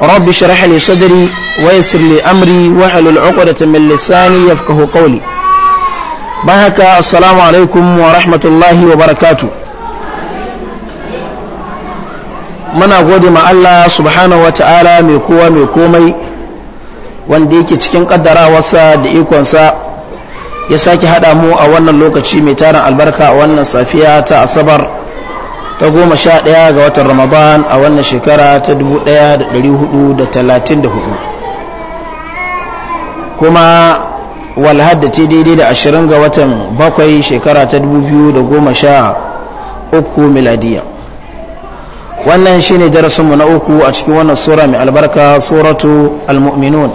rabbi sharax li sadri waysir li amri waxlul cuqdata min lisaani yafkahu qawli bahaka assalaamu calaykum waraxmat ullaahi wabarakaatu mana godima allah subxaanahu wa ta'aala mai kowa mai komai wanda yake cikin ƙaddarawarsa da ikonsa ya sake haɗa mu a wannan lokaci mai tarin albarka a wannan safiya ta asabar ta goma sha ɗaya ga watan ramadan a wannan shekara ta dubu hudu kuma walhad da ta daidai da ashirin ga watan bakwai shekara ta dubu biyu da goma sha uku miladiya wannan shine darasinmu na uku a cikin wannan sura mai albarka suratu almuminun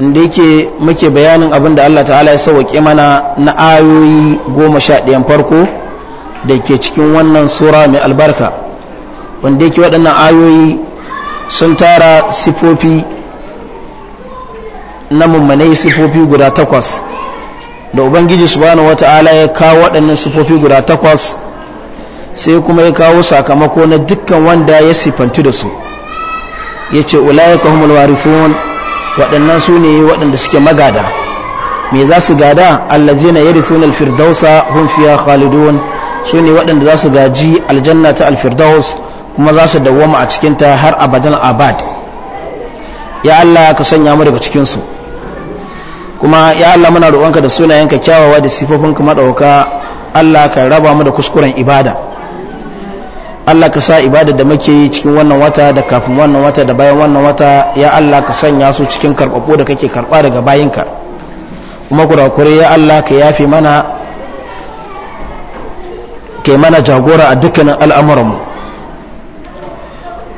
inda yake muke bayanin abin da allah ta'ala ya sauwaƙe mana na ayoyi goma sha ɗayan farko da ke cikin wannan sura mai albarka wanda yake waɗannan ayoyi sun tara sifofi na mummanai sifofi guda takwas da ubangiji wata ala ya kawo waɗannan sifofi guda takwas sai kuma ya kawo sakamako na dukkan wanda ya sifantu da su ya ce ulayaka humul warithun waɗannan su ne waɗanda suke magada me za su gada allazina yarithuna alfirdausa hum fiya khalidun su ne waɗanda za su gaji aljanna ta alfirdaus kuma za su dawwama a cikinta har abadan abad ya Allah ka sanya mu daga cikinsu kuma ya Allah muna roƙonka da sunayenka kyawawa da sifofinka maɗauka Allah ka raba mu da kuskuren ibada Allah ka sa ibada da muke yi cikin wannan wata da kafin wannan wata da bayan wannan wata ya Allah ka sanya su cikin karɓaɓɓu da kake karɓa daga bayinka kuma kurakure ya Allah ka yafe mana ke mana jagora a dukkanin al'amuranmu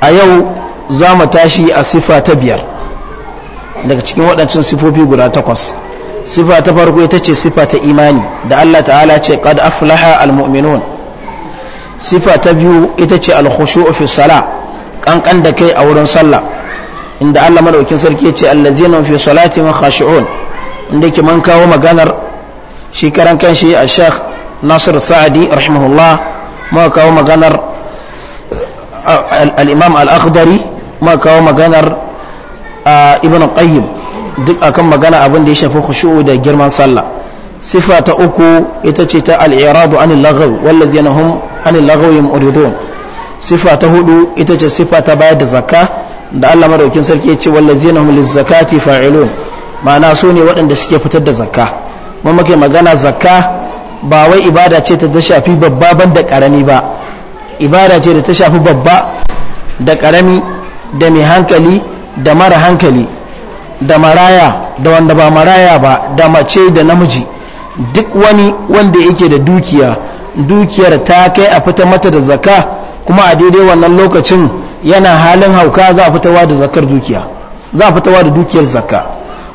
a yau za mu tashi a sifa ta biyar daga cikin waɗancan sifofi guda takwas sifa ta farko ita ce sifa ta imani da Allah ta'ala ce qad aflaha almu'minun sifa ta biyu ita ce alkhushu'u fi salah kankan da kai a wurin sallah inda Allah madaukin sarki ya ce allazina fi salatihim khashi'un inda ke man kawo maganar shi karan kanshi a shekh nasir sa'adi rahimahullah muka kawo maganar uh, al-imam al kawo maganar uh, ibn qayyim duk akan magana abin da ya shafi khushu'u da girman sallah sifa ta uku ita ce ta al anil laghaw walladhina hum anil laghawi muridun sifa ta hudu ita ce sifa ta bayar da zakka da Allah madaukin sarki ya ce walladhina hum lizakati fa'ilun ma'ana su ne waɗanda suke fitar da zakka mun magana zakka ba wai ibada ce ta shafi babba ban da karami ba ibada ce da ta shafi babba da karami da mai hankali da mara hankali da maraya da wanda ba maraya ba da mace da namiji duk wani wanda yake da dukiya dukiyar ta kai a fita mata da zaka kuma a daidai wannan lokacin yana halin hauka za a fitawa da zakar dukiya za a fitawa da dukiyar zakka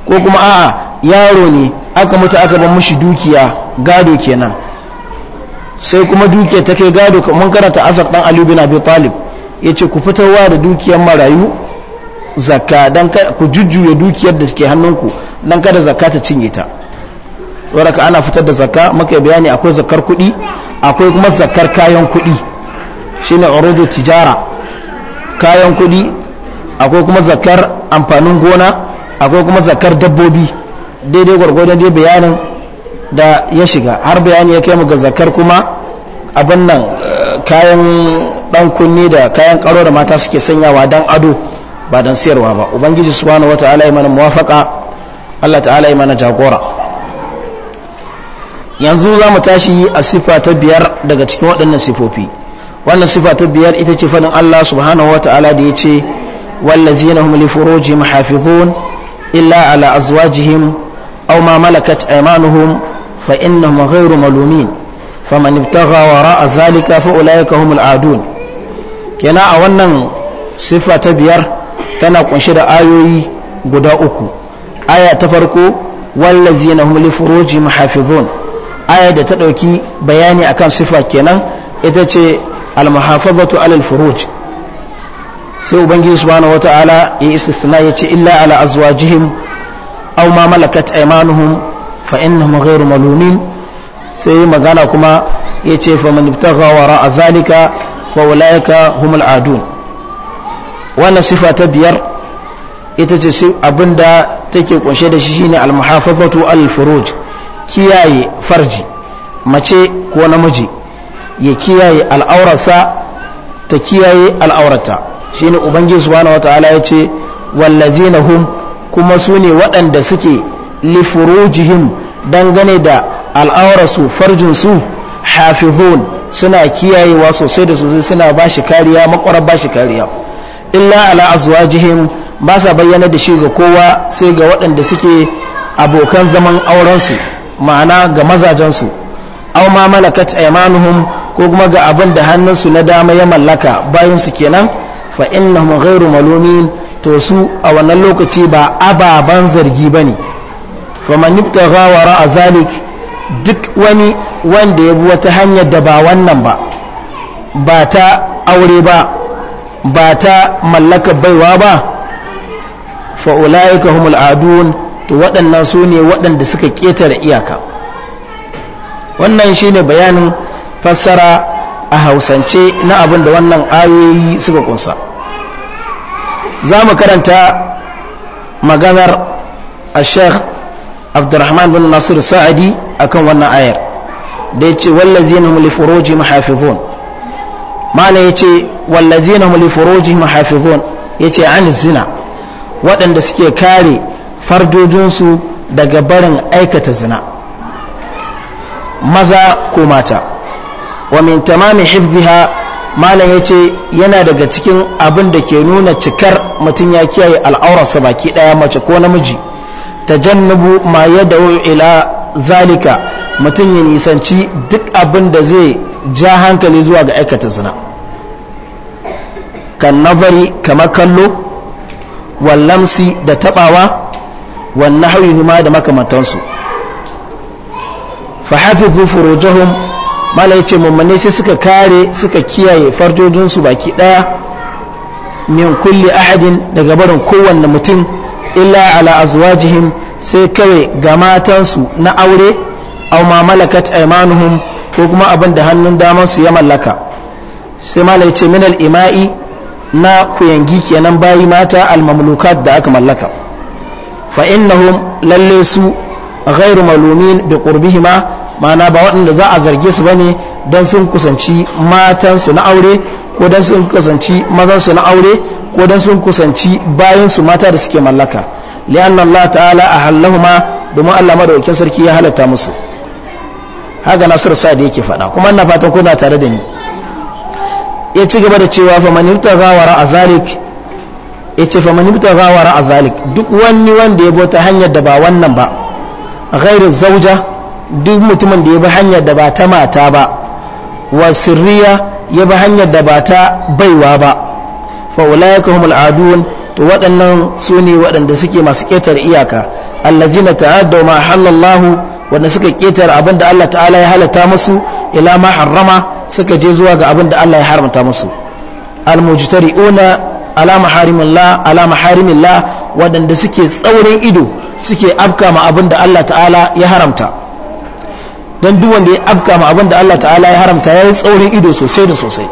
ko kuma a'a yaro ne aka mutu aka ban mushi dukiya gado kenan sai kuma dukiyar ta kai gado mun karanta azar dan aliyu bin abi talib ya ce ku fitarwa da dukiyar marayu zakka dan ku jujjuya dukiyar da ke hannunku dan kada zakka ta cinye ta tsoraka ana fitar da zakka maka bayani akwai zakkar kuɗi akwai kuma zakkar kayan kuɗi shine urujo tijara kayan kuɗi akwai kuma zakkar amfanin gona akwai kuma zakkar dabbobi daidai gwargwadon dai bayanin da ya shiga har bayani ya kai mu ga zakar kuma abin nan eh, kayan dan kunni da kayan karo da mata suke sanyawa dan ado ba dan siyarwa ba ubangiji subhanahu wataala ya mana muwafaka Allah ta'ala ya mana jagora yanzu za mu tashi a sifa ta biyar daga cikin waɗannan sifofi wannan sifa ta biyar ita ce fadin Allah subhanahu wataala da ya ce wallazina hum li furujihim hafizun illa ala azwajihim aw ma malakat aymanuhum فإنهم غير ملومين فمن ابتغى وراء ذلك فأولئك هم العادون كنا أولا صفة بير تنا قنشد آيوي قداؤكو آية تفرقو والذين هم لفروجهم حافظون آية تدوكي بياني أكان صفة كنا إذا المحافظة على الفروج sai ubangiji subhanahu wataala ya istisna ya ce illa ala azwajihim aw ma malakat aymanuhum fa innahum ghairu malumin sai magana kuma yace fa man ibtagha wara zalika fa ulaika humul adun wannan sifa ta biyar ita ce abinda take kunshe da shi shine al-muhafazatu al-furuj kiyaye farji mace ko namiji ya kiyaye al'aurarsa ta kiyaye al'aurata shine ubangiji subhanahu wataala yace wallazina hum kuma su ne waɗanda suke lifurujihim dangane da al'aurarsu farjinsu hafizun suna kiyayewa sosai da sosai suna ba shi kariya makwarar ba shi kariya illa ala azwajihim ba sa bayyana da shi ga kowa sai ga waɗanda suke abokan zaman aurensu ma'ana ga mazajensu aw ma malakat aymanuhum ko kuma ga abin da hannunsu na dama ya mallaka bayan su kenan fa innahum ghairu malumin to su a wannan lokaci ba ababan zargi bane faman ga wara zalik duk wani wanda ya bi wata hanyar da ba wannan ba ba ta aure ba ba ta mallaka baiwa ba fa ka humul adun to waɗannan su ne waɗanda suka ƙetare iyaka wannan shi ne bayanin fassara a hausance na abin da wannan ayoyi suka kunsa za mu karanta maganar a shekh abdurrahman bin nasir sa'adi akan wannan ayar da ya ce wallazina hum li furujihim hafizun ma'ana ya ce wallazina hum li furujihim hafizun ya ce an zina waɗanda suke kare fardojinsu daga barin aikata zina maza ko mata wa min tamami hifziha malam ya ce yana daga cikin abin da ke nuna cikar mutum ya kiyaye al'aurarsa baki ɗaya mace ko namiji tajannubu ma yad'u ila zalika mutum ya nisanci duk abin da zai ja hankali zuwa ga aikata zina kan nazari kamar kallo lamsi da tabawa wannan hauyi da makamantansu fahafifu furujahum mala yace mummune sai suka kare suka kiyaye farjojinsu baki daya min kulli ahadin daga barin kowanne mutum illa ala azwajihim sai kawai ga matansu na aure aw ma malakat aymanuhum ko kuma abin da hannun daman su ya mallaka sai mala yace min al ima'i na kuyangi kenan bayi mata al mamlukat da aka mallaka fa innahum lalle su ghairu malumin bi qurbihima ma'ana ba waɗanda za a zarge su bane dan sun kusanci matansu na aure ko dan sun kusanci mazansu na aure ko dan sun kusanci bayan su mata da suke mallaka li'an Allah ta'ala ahallahuma domin Allah madaukakin sarki ya halatta musu haka Nasiru Sa'd yake faɗa kuma ina fatan kuna tare da ni ya ci gaba da cewa fa man yurtaza wara azalik yace fa man duk wani wanda ya bota hanyar da ba wannan ba ghairu zauja duk mutumin da ya bi hanyar da ba ta mata ba wa sirriya ya bi hanyar da ba ta baiwa ba fa ulaika humul adun to waɗannan su ne waɗanda suke masu ƙetar iyaka allazina ta'addaw ma halallahu wanda suka ƙetar abin da Allah ta'ala ya halatta musu ila ma harrama suka je zuwa ga abin da Allah ya haramta musu almujtari'una ala maharimillah ala maharimillah waɗanda suke tsaurin ido suke afka ma abin da Allah ta'ala ya haramta don duk wanda ya afka ma abin da Allah ta'ala ya haramta ya tsaurin ido sosai da sosai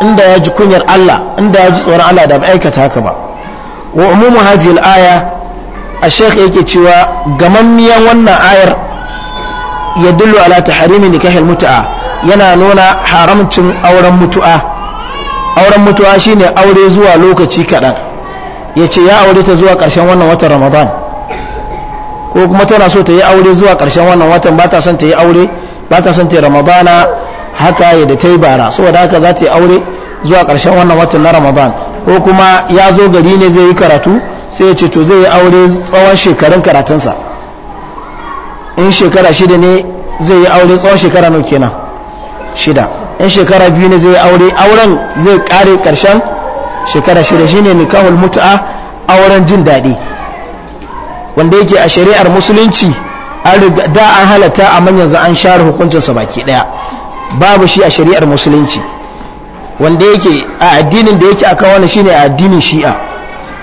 inda ya ji kunyar Allah inda ya ji tsoron Allah da aikata haka ba wa umumu hadhihi aya a sheikh yake cewa gamammiyan wannan ayar ya dullu ala tahrimi nikahil mutu'a yana nuna haramcin auren mutu'a auren mutu'a shine aure zuwa lokaci kaɗan ya ce ya aure ta zuwa ƙarshen wannan watan ramadan ko kuma tana so ta yi aure zuwa ƙarshen wannan watan ba ta son ta yi aure ba ta son ta yi ramadana haka ya da ta yi bara saboda haka za ta yi aure zuwa ƙarshen wannan watan na ramadan ko kuma ya zo gari ne zai yi karatu sai ya ce to zai yi aure tsawon shekarun karatunsa in shekara shida ne zai yi aure tsawon shekara nau kenan shida in shekara biyu ne zai yi aure auren zai kare ƙarshen shekara shida shine nikahul mutu'a auren jin daɗi wanda yake a shari'ar musulunci da an halatta a manyan an share hukuncinsa baki ɗaya babu shi a shari'ar musulunci wanda yake a addinin da yake a wani shine addinin shi'a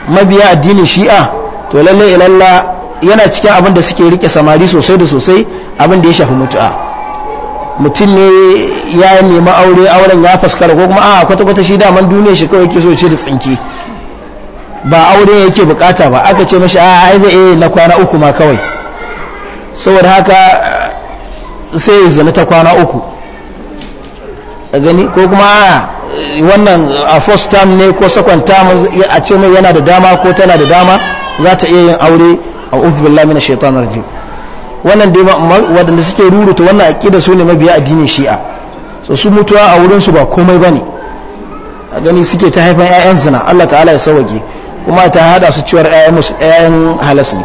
mabiya addinin shi'a to lalle ilalla yana cikin abin da suke rike samari sosai da sosai abin da ya shafi mutu'a mutum ne ya nemi aure auren ya faskara ko kuma a kwata-kwata shi daman duniya shi kawai yake so ce da tsinke ba aure yake bukata ba aka ce mashi a ai na kwana uku ma kawai saboda haka sai ya zana ta kwana uku gani ko kuma eh, wannan a first term ne ko second term a ce mai yana da dama ko tana da dama za ta iya yin aure a uzbin lamina shaitan rajim wannan dai wadanda suke ruruta wannan ƙida su ne mabiya addinin shi'a so su mutuwa a wurinsu ba komai ba ne a gani suke ta haifan 'ya'yan zina allah ta'ala ya sauwake kuma ta hada su ciwar 'ya'yan halas ne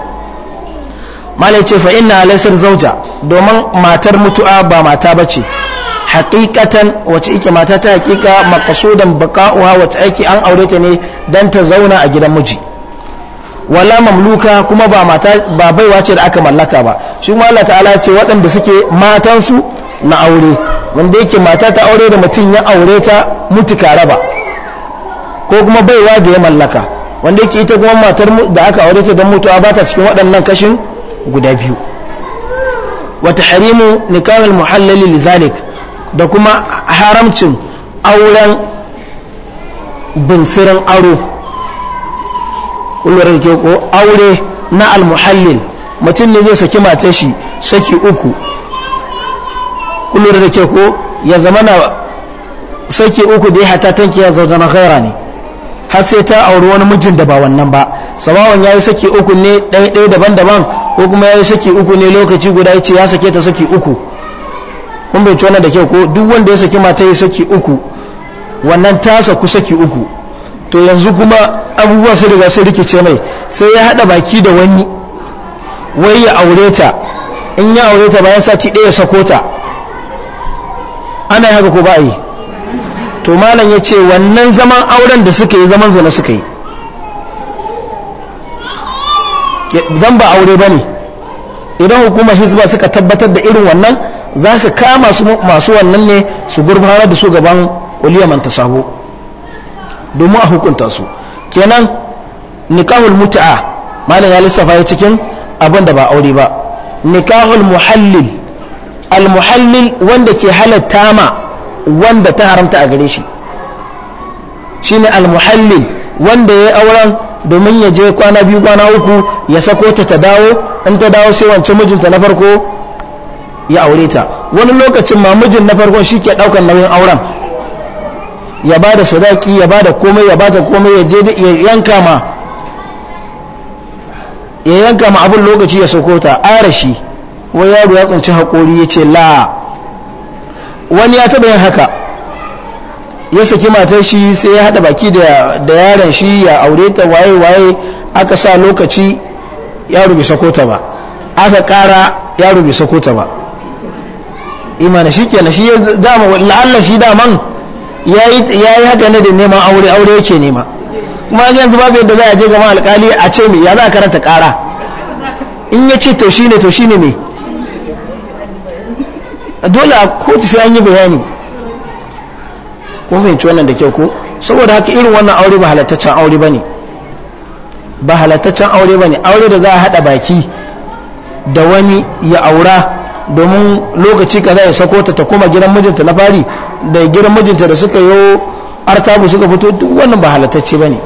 malai ce fa'in na halasar zauja domin matar mutuwa ba mata ba ce hakikatan wace ike mata ta haqiqa maqsudan baka'uha wace aiki an aure ta ne don ta zauna a gidan miji wala mamluka kuma ba mata ba baiwa ce da aka mallaka ba shi kuma Allah ta'ala ce waɗanda suke matansu na aure wanda yake mata ta aure da mutum ya aure ta mutuka raba ko kuma baiwa da ya mallaka wanda yake ita kuma matar da aka aure ta don mutuwa ba ta cikin waɗannan kashin guda biyu wata harimu nikahul muhallali lizalik da kuma haramcin auren binsirin aro kullum ko aure na almuhallin mutum ne zai saki matar shi saki uku kullum da ke ko ya zama na saki uku da ya hata tanki ya zama na khaira ne har sai ta auri wani mijin da ba wannan ba sabawan ya yi saki uku ne ɗaya daban-daban ko kuma ya yi saki uku ne lokaci guda ya ce ya sake ta saki uku kun bai tona da kyau ko duk wanda ya saki mata ya saki uku wannan ta ku saki uku to yanzu kuma abubuwa sai riga sai rikice mai sai ya hada baki da wani wai ya aure ta in ya aure ta bayan sati ɗaya ya sako ta ana yi haka ko ba yi to malam ya ce wannan zaman auren da suka yi zaman zana suka yi don ba aure ba ne idan hukumar hisba suka tabbatar da irin wannan za su kama masu wannan ne su gurbara da su gaban kuliyaman ta sabo domin a hukunta su kenan nikahul muta'a malam ya lissafa ya cikin abin da ba aure ba nikahul muhallil al-muhallil wanda ke halatta ma wanda ta haramta a gare shi shine al wanda ya yi auren domin ya je kwana biyu kwana uku ya sako ta ta dawo in ta dawo sai wancan mijinta na farko ya aure ta wani lokacin ma na farkon shi ke ɗaukar nauyin auren ya ba da sadaki ya ba da komai ya ba da komai ya yanka ma ya yanka ma abin lokaci ya sauko ta arashi wani yaro ya tsinci haƙori ya ce la wani ya taɓa yin haka ya saki matar shi sai ya haɗa baki da yaron shi ya aure ta waye waye aka sa lokaci yaro bai sako ta ba aka ƙara yaro bai sako ta ba Imana shi kenan shi dama la'alla shi daman ya yi haka ne da neman aure aure yake nema kuma yanzu babu yadda za a je gama alkali a ce mai ya za a karanta kara in ya ce to shine to shine me dole a kotu sai an yi bayani kuma fahimci wannan da kyau ko saboda haka irin wannan aure ba halattaccen aure ba ne ba halattaccen aure ba ne aure da za a haɗa baki da wani ya aura domin lokaci kaza ya sako ta ta koma gidan mijinta na fari da gidan mijinta da suka yi artabu suka fito duk wannan ba halatacce ba ne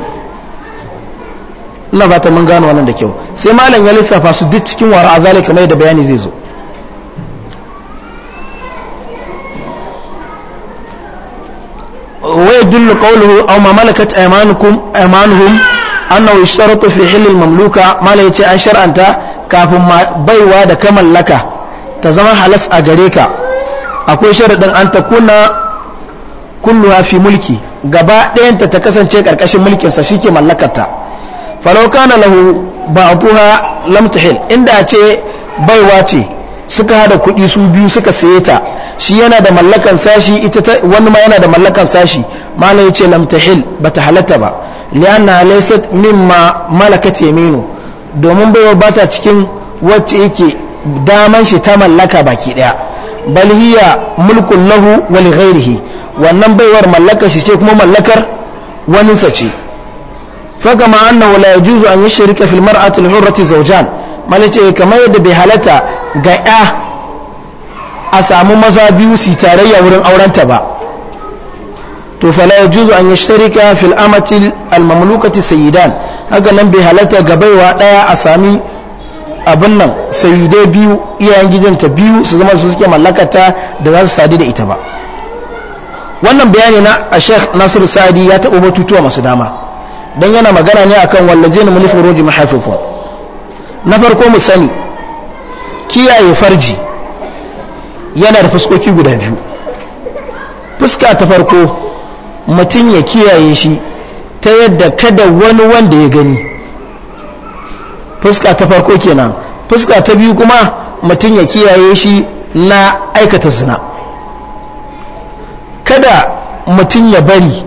ina fata mun gano wannan da kyau sai malam ya lissafa su duk cikin wara azali kamar yadda bayani zai zo wai dullu أو ما ملكت malakat أيمانهم أنه يشترط في حل المملوكة mamluka لا يتي an shar'anta kafin baiwa da كمل laka. ta zama halas a gare ka akwai sharaɗin an ta kuna kulluwa fi mulki gaba ɗayanta ta kasance ƙarƙashin mulkinsa shi ke mallakarta falau na lahu ba a buha lamtahil inda ce baiwa ce suka hada kuɗi su biyu suka saye ta shi yana da mallakan sashi ita wani ma yana da mallakan sashi malam ya ce lamtahil ba ta halatta ba lianna laysat mimma malakat yaminu domin baiwa ba ta cikin wacce yake daman shi ta mallaka baki daya bal hiya mulkun lahu wa li ghairihi wannan baiwar mallaka shi ce kuma mallakar wani sa ce fa kama annahu la yajuzu an yushrika fil mar'ati al-hurrati zawjan malace eh, kamar yadda bai halata ga ya a samu maza biyu su tarayya wurin aurenta ba to fala yajuzu an yashtarika fil amati al-mamlukati sayyidan haka nan bai halata ga baiwa daya a sami abin nan sai dai biyu iyayen gidanta biyu su zama su suke mallakata da za su sadu da ita ba wannan bayani na a sheikh nasiru sadi ya taɓa batutuwa masu dama don yana magana ne akan wallaje na mulifin roji na farko mu sani kiyaye farji yana da fuskoki guda biyu fuska ta farko mutum ya kiyaye shi ta yadda kada wani wanda ya gani fuska ta farko kenan fuska ta biyu kuma mutum ya kiyaye shi na aikata zina kada mutum ya bari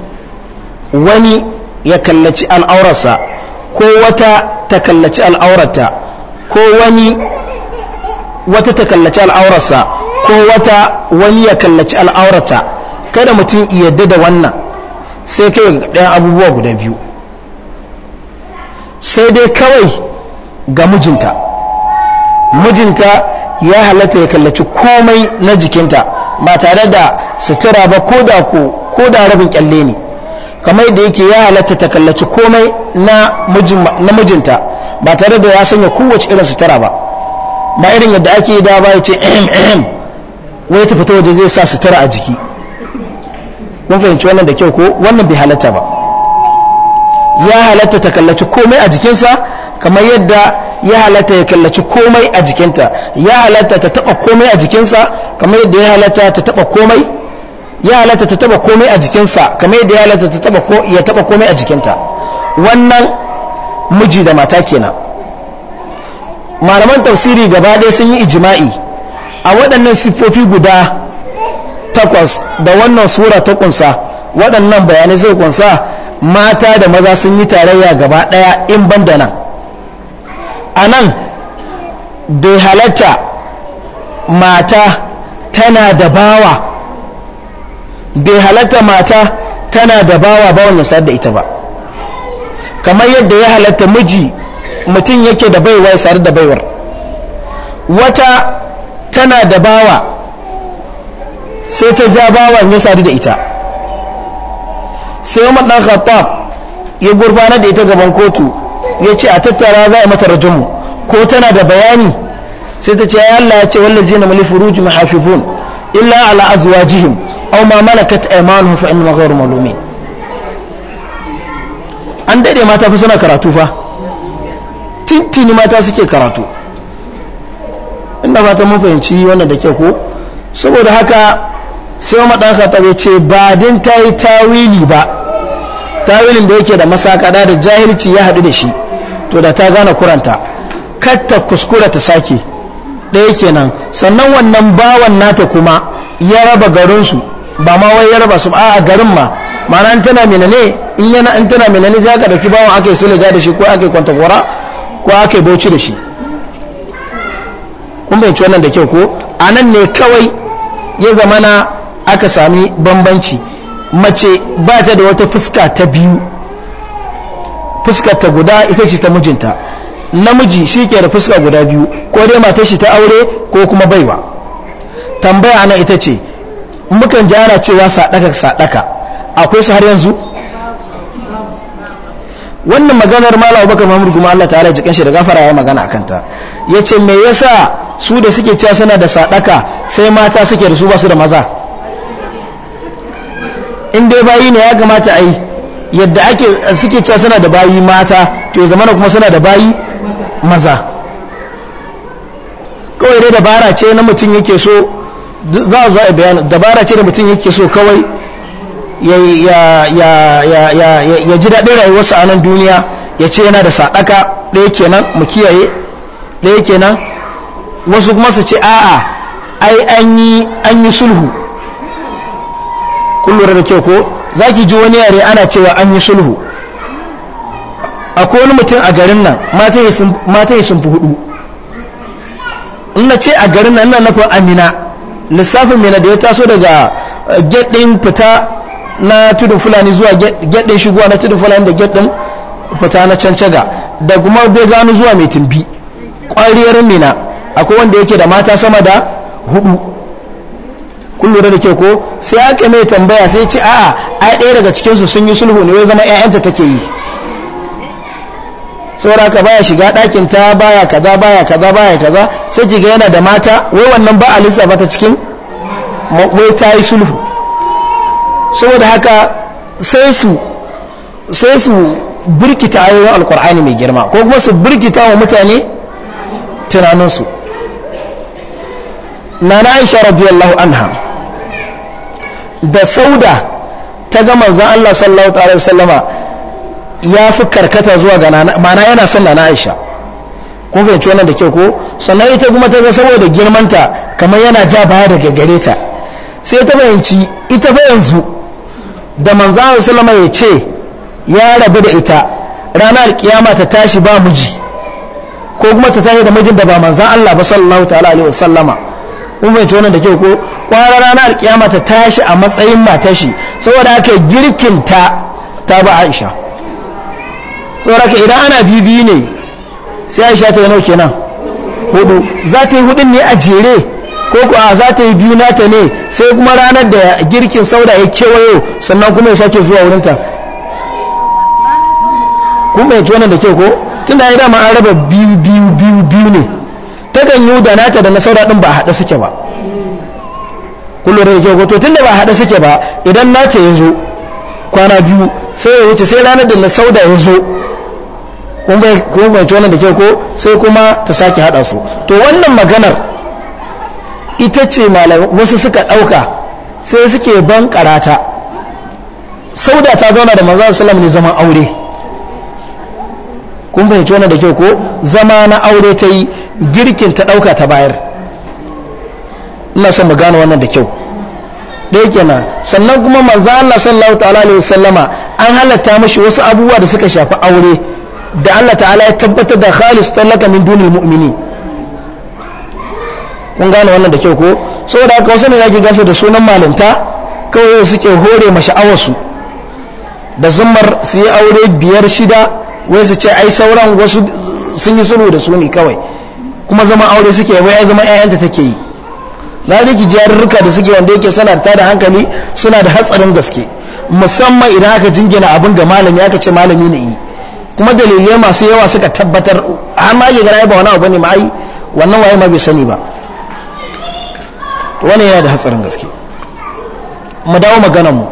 wani ya kallaci al'aurarsa ko wata ta kallaci al'aurarta ko wani wata ta kallaci al'aurarsa ko wata wani ya kallaci al'aurata kada mutum yadda da wannan sai kai ɗayan abubuwa guda biyu sai dai kawai ga mijinta mijinta ya halatta ya kallaci komai na jikinta ba tare da sutura ba ko da ko da rabin kyalle ne kamar da yake ya halatta ta kallaci komai na mijinta ba tare da ya sanya kowace irin sutura ba ba irin yadda ake da ba ya ce ehem ehem wai ta fita waje zai sa sutura a jiki kun fahimci wannan da kyau ko wannan bai halatta ba ya halatta ta kallaci komai a jikinsa kamar yadda ya halatta ya kallaci komai a jikinta ya halatta ta taba komai a jikinsa kamar yadda ya halatta ta taba komai ya halatta ta taba komai a jikinsa kamar yadda ya halatta ta taba ko ya taba komai a jikinta wannan miji da mata kenan malaman tafsiri gaba ɗaya sun yi ijima'i a waɗannan sifofi guda takwas da wannan sura ta kunsa waɗannan bayanai zai kunsa mata da maza sun yi tarayya gaba ɗaya in ban da nan a nan bai halatta mata tana da bawa bai halatta mata tana da bawa bawan ya da ita ba kamar yadda ya halatta miji mutum yake da baiwa ya sadu da baiwar wata tana da bawa sai ta ja bawan ya sadu da ita sai yi dan khattab ya gurfana da ita gaban kotu ya ce a tattara za a mata rajinmu ko tana da bayani sai ta ce ya Allah ya ce zai na mali furuji mahafifun illa ala azwajihim aw ma malakat aymanuhum fa innahum ghayru malumin an dade mata fi suna karatu fa tintini mata suke karatu inda fata mun fahimci wannan da ke ko saboda haka sai wa madanka ta ce ba din tayi tawili ba tawilin da yake da masakada da jahilci ya haɗu da shi to da ta gane kuranta katta kuskura ta sake ɗaya kenan sannan wannan bawan nata kuma ya raba garinsu ba ma wai ya raba su a garin ma mana in tana mina ne in yana in tana mina ne za ka ɗauki bawan ake sulaja da shi ko ake kwantagora ko ake bauchi da shi kun bai wannan da kyau ko a nan ne kawai ya zamana aka sami bambanci mace ba ta da wata fuska ta biyu fuskar ta guda ita ce ta mijinta namiji shi ke da fuska guda biyu ko dai matar shi ta aure ko kuma baiwa tambaya na ita ce mukan ji ana cewa sadaka sadaka akwai su har yanzu wannan maganar mala abubakar mahmud kuma allah ta jikin shi da gafara ya magana a kanta ya me yasa su da suke cewa suna da sadaka sai mata suke da su ba su da maza in dai bayi ne ya kamata a yi yadda ake suke cewa suna da bayi mata to ya zama kuma suna da bayi maza kawai dai dabara ce na mutum yake so za a zuwa bayan dabara ce da mutum yake so kawai ya ji daɗin rayuwarsa a nan duniya ya ce yana da saɗaka, ɗaya kenan mu kiyaye ɗaya kenan wasu kuma su ce a'a ai an yi sulhu kullum da kyau ko za ki ji wani yare ana cewa an yi sulhu akwai wani mutum a garin nan mata yi sun hudu ina ce a garin nan nufin amina lissafin mina da ya taso daga eh, gedin fita na tudun fulani zuwa gedin shigowa na tudun fulani da gedin fita na cancaga da kuma bai gano zuwa mai tumbi ƙwariyar mina akwai wanda yake da mata sama da hudu kun lura da ke ko sai aka mai tambaya sai ce a'a ai ɗaya daga cikinsu sun yi sulhu ne wai zama 'ya'yanta take yi saura ka baya shiga ɗakin ta baya kaza baya kaza baya kaza sai kiga yana da mata wai wannan ba a ba ta cikin wai ta yi sulhu saboda haka sai su sai su birkita ayoyin alkur'ani mai girma ko kuma su birkita wa mutane tunaninsu nana aisha radiyallahu anha da sauda ta ga manzan Allah sallallahu alaihi wasallama ya fi karkata zuwa ga mana yana son na Aisha kun fahimci wannan da kyau ko sannan ita kuma ta ga saboda girmanta kamar yana ja baya daga gare ta sai ta fahimci ita fa yanzu da manzan Allah sallama ya ce ya rabu da ita ranar kiyama ta tashi ba miji ko kuma ta tashi da mijin da ba manzan Allah ba sallallahu ta'ala alaihi wasallama kun fahimci wannan da kyau ko Kwara ranar alkiyama ta tashi a matsayin matashi saboda haka girkin ta ta ba aisha saboda ka idan ana bibi ne sai aisha ta yi nau kenan hudu za ta yi hudun ne a jere ko kuwa za ta yi biyu nata ne sai kuma ranar da girkin sauda ya kewayo sannan kuma ya sake zuwa wurinta kuma ya tonan da ke ko tun da ya dama an raba biyu biyu biyu biyu ne ta yi da nata da na sauda ɗin ba a haɗe suke ba kullum da ke to da ba haɗa suke ba idan na ya yanzu kwana biyu sai ya wuce sai ranar da na sauda ya zo kun bai wannan da ke ko sai kuma ta sake haɗa su to wannan maganar ita ce malamai wasu suka ɗauka sai suke ban karata sauda ta zauna da manzan salam ne zaman aure kun wannan da ke ko zama na aure ta yi girkin ta ɗauka ta bayar ina son mu gane wannan da kyau ɗaya kenan sannan kuma manzo Allah sallallahu ta'ala alaihi wasallama an halatta mashi wasu abubuwa da suka shafi aure da Allah ta'ala ya tabbatar da khalis talaka min dunil mu'mini kun gane wannan da kyau ko saboda haka wasu ne zaki gasa da sunan malinta kawai suke hore masha'awarsu da zumar su yi aure biyar shida wai su ce ai sauran wasu sun yi sulhu da su ne kawai kuma zama aure suke wai ai zama 'ya'yanta take yi na da ki jarurruka da suke wanda yake sana ta da hankali suna da hatsarin gaske musamman idan aka jingina abin da malami aka ce malami ne yi kuma dalilai masu yawa suka tabbatar har ma yi gara ba wani abu ne ma ai wannan waye ma bai sani ba wani yana da hatsarin gaske mu dawo maganar mu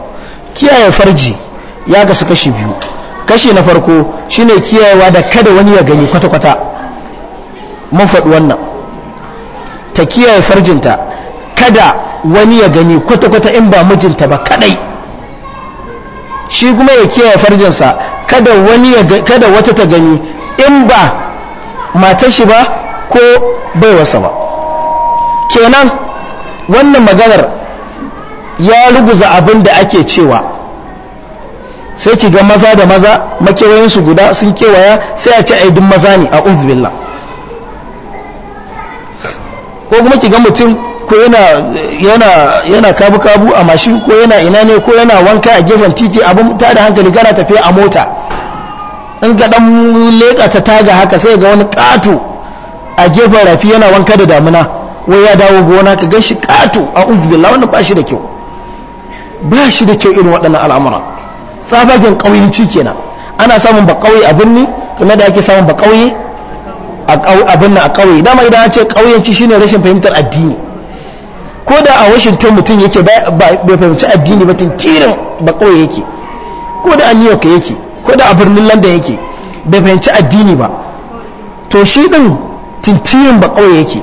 kiyaye farji ya gasu kashi biyu kashi na farko shine kiyayewa da kada wani ya gani kwata-kwata mun faɗi wannan ta kiyaye farjinta kada wani ya gani kwata-kwata in ba mijinta ba kadai shi kuma ya kiyaye farjinsa kada wani ya kada wata ta gani in ba matar shi ba ko bai baiwarsa ba kenan wannan maganar ya ruguza abin da ake cewa sai ki ga maza da maza makewayensu guda sun kewaya sai a ce aidin maza ne a uzbillah ko kuma ki ga mutum ko yana kabu-kabu a mashin ko yana ina ne ko yana wanka a gefen titi abin ta da hankali kana tafiya a mota in ga dan leka ta taga haka sai ga wani kato a gefen rafi yana wanka da damuna wai ya dawo gona ka gashi kato a uzbillah wannan ba shi da kyau ba da kyau irin waɗannan al'amura tsabagen ƙauyenci kenan ana samun ba ƙauye a birni kuma da ake samun ba ƙauye a birni a ƙauye dama idan a ce ƙauyenci shine rashin fahimtar addini ko da a washington mutum yake bai fahimci addini ba tinkirin ba kawai yake ko da a new york yake ko da a birnin london yake bai fahimci addini ba to shi din tintirin ba kawai yake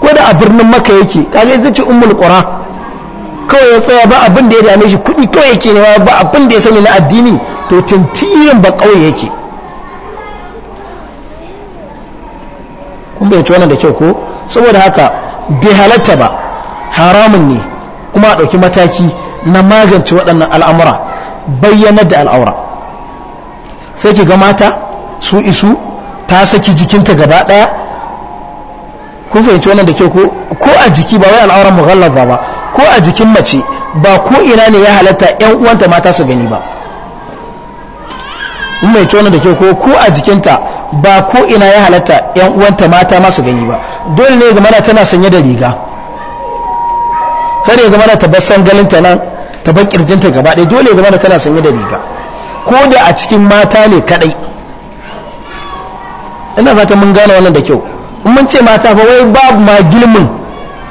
ko da a birnin maka yake kaje zai ci ummul qura kawai ya tsaya ba abin da ya dame shi kuɗi kawai yake ne ba abin da ya sani na addini to tintirin ba kawai yake kun bai ci wannan da kyau ko saboda haka bai halatta ba haramun ne kuma a ɗauki mataki na magance waɗannan al'amura bayyana da al'aura sai ki ga mata su isu ta saki jikinta gaba ɗaya kun fahimci wannan da ke ko a jiki ba wai mu mughallaza ba ko a jikin mace ba ko ina ne ya halatta yan uwanta mata su gani ba in mai tona da ke ko ko a jikinta ba ko ina ya halatta yan uwanta mata masu gani ba dole ne ga mana tana sanye da riga kada ya zama na galin ta nan ta bar kirjinta gaba ɗaya dole ya zama na tana sanye da riga ko da a cikin mata ne kadai ina fata mun gane wannan da kyau in mun ce mata fa wai babu ma gilmin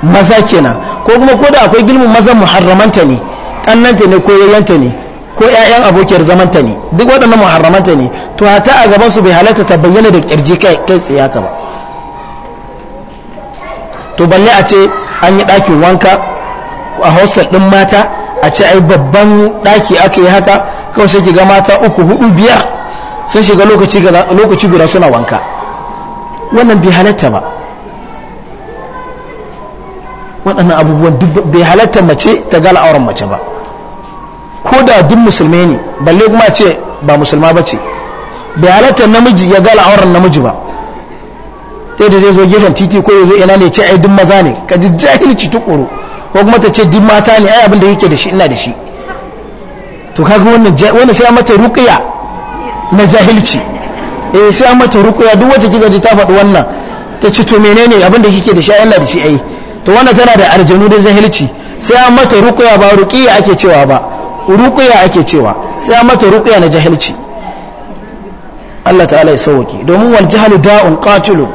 maza kenan ko kuma ko da akwai gilmin maza muharramanta ne kannanta ne ko yayyanta ne ko ƴaƴan abokiyar zamanta ne duk waɗannan muharramanta ne to hata a gaban su bai halatta ta bayyana da ƙirji kai kai haka ba to balle a ce an yi ɗakin wanka a hostel ɗin mata a ce ai babban ɗaki aka yi haka kawai sai ki ga mata uku hudu biyar sun shiga lokaci guda suna wanka wannan bai halatta ba waɗannan abubuwan bai halatta mace ta gala auren mace ba ko da duk musulmi ne balle kuma ce ba musulma ba ce bai halatta namiji ya gala auren namiji ba sai da zai zo gefen titi ko ya zo ina ne ce ai duk maza ne ka ji jahilci tukuru ko kuma ta ce duk mata ne ai abin da yake da shi ina da shi to kaga wannan wanda sai mata ruqiya na jahilci eh sai mata ruqiya duk wacce kika ji ta faɗi wannan ta ce to menene abin da kike da shi ai ina da shi ai to wannan tana da arjanu da jahilci sai an mata ruqiya ba ruqiya ake cewa ba ruqiya ake cewa sai an mata ruqiya na jahilci Allah ta'ala ya sauke domin wal jahlu da'un qatilu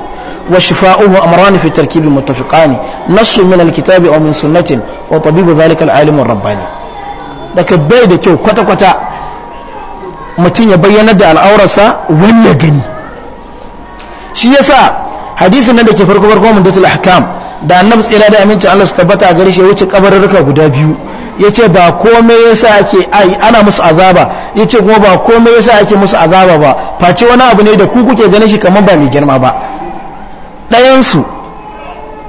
وشفاؤه أمران في التركيب متفقان نص من الكتاب أو من سنة وطبيب ذلك العالم الرباني لك بيد كيو كتا كتا متين يبين دا الأورسة ولا شي يسا حديثنا da ke farko farko mun datul ahkam da annabi tsira da aminci Allah su tabbata a gare shi wuce guda biyu yace ba komai yasa ake ai ana musu azaba yace kuma ba komai yasa ake musu azaba ba face wani abu ne da ku kuke ganin shi kamar ba mai girma ba ɗayansu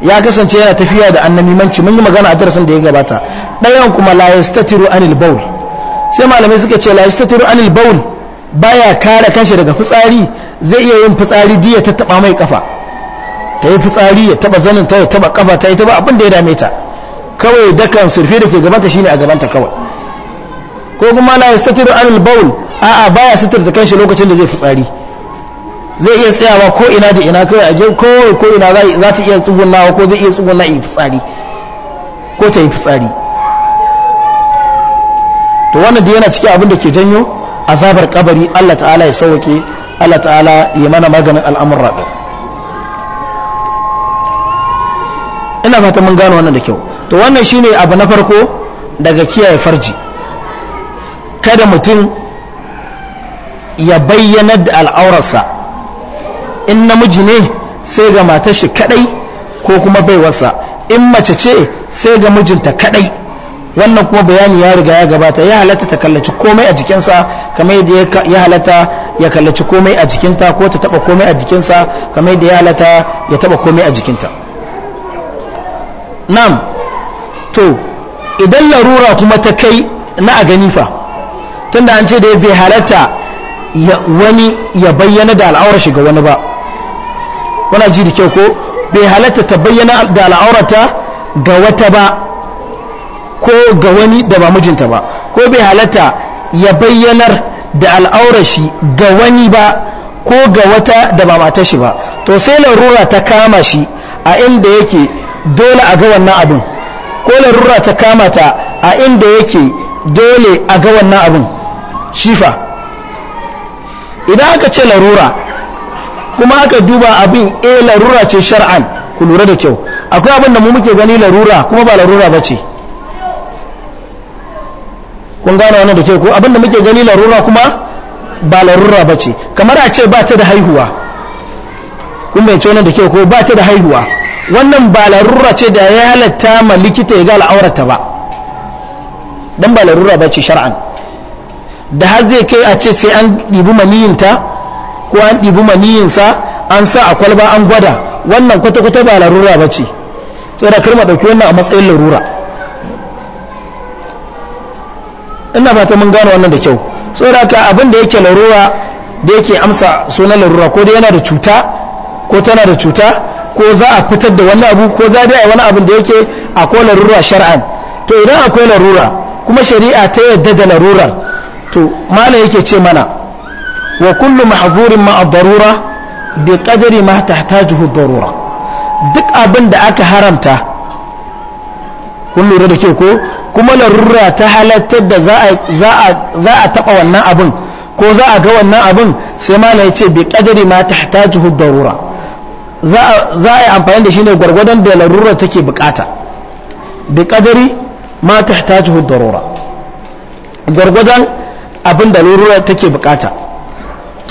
ya kasance yana tafiya da annamimanci mun yi magana a darasin da ya gabata ɗayan kuma la yastatiru anil bawl sai malamai suka ce la yastatiru anil bawl baya kare kanshi daga fitsari zai iya yin fitsari diya ta taba mai kafa ta yi fitsari ya taba zanin ta ya taba kafa ta yi taba abin da ya dame ta kawai dakan surfe da ke gabanta shine a gabanta kawai ko kuma la yastatiru anil bawl a'a baya suturta kanshi lokacin da zai fitsari zai iya tsayawa ko ina da ina kai a kowai ko ina za ta iya tsugunawa ko zai iya tsuguna yi fitsari ko ta yi fitsari to wannan da yana cikin abin da ke janyo azabar kabari Allah ta'ala ya sauke Allah ta'ala ya mana maganin al'amurra ina fata mun gano wannan da kyau to wannan shine abu na farko daga kiyaye farji kada mutum ya bayyana da al'aurarsa in namiji ne sai ga matar shi kadai ko kuma baiwarsa in mace ce sai ga mijinta kadai wannan kuma bayani ya riga ya gabata ya halatta ta kallaci komai a jikinsa kamar yadda ya halatta ya kallaci komai a jikinta ko ta taba komai a jikinsa kamar yadda ya halatta ya taba komai a jikinta nam to idan larura kuma ta kai na a gani fa tunda an ce da ya bai halatta wani ya bayyana da shi ga wani ba wana ji da kyau ko bai halatta ta bayyana da al'aurata ga wata ba ko ga wani da ba mijinta ba ko bai halatta ya bayyanar da al'aurashi ga wani ba ko ga wata da ba matar shi ba to sai larura ta kama shi a inda yake dole a ga wannan abin ko larura ta kama ta a inda yake dole a ga wannan abin shifa idan aka ce larura kuma aka duba abin a eh, larura ce shar'an ku lura da kyau akwai abin da mu muke gani larura kuma ba larura ba ce kun gane wani da kyau ku abin da muke gani larura kuma ba larura ba ce kamar a ce ba ta da haihuwa kun bai wannan da kyau ku ba ta da haihuwa wannan ba larura ce da ya halatta ma likita ya ga al'aurata ba dan ba larura ba ce shar'an da har zai kai a ce sai an ɗibi maniyinta ko an ɗibi maniyinsa an sa a kwalba an gwada wannan kwata-kwata ba larura ba ce tsira kar ma ɗauki wannan a matsayin larura ina fata mun gano wannan da kyau tsira ka abin da yake larura da yake amsa sunan larura ko dai yana da cuta ko tana da cuta ko za a fitar da wani abu ko za a wani abin da yake akwai larura shar'an to idan akwai larura kuma shari'a ta yadda da larurar to mana yake ce mana wa kullu mahzurin ma'a darura bi qadari ma tahtajuhu darura duk abin da aka haramta kun lura da ke ko kuma larura ta halattar da za a taɓa wannan abin ko za a ga wannan abin sai mala ya ce bi kadari ma ta hatajuhu darura za a yi amfani da shi ne gwargwadon da larura take bukata bi kadari ma ta hatajuhu darura gwargwadon abin da larura take bukata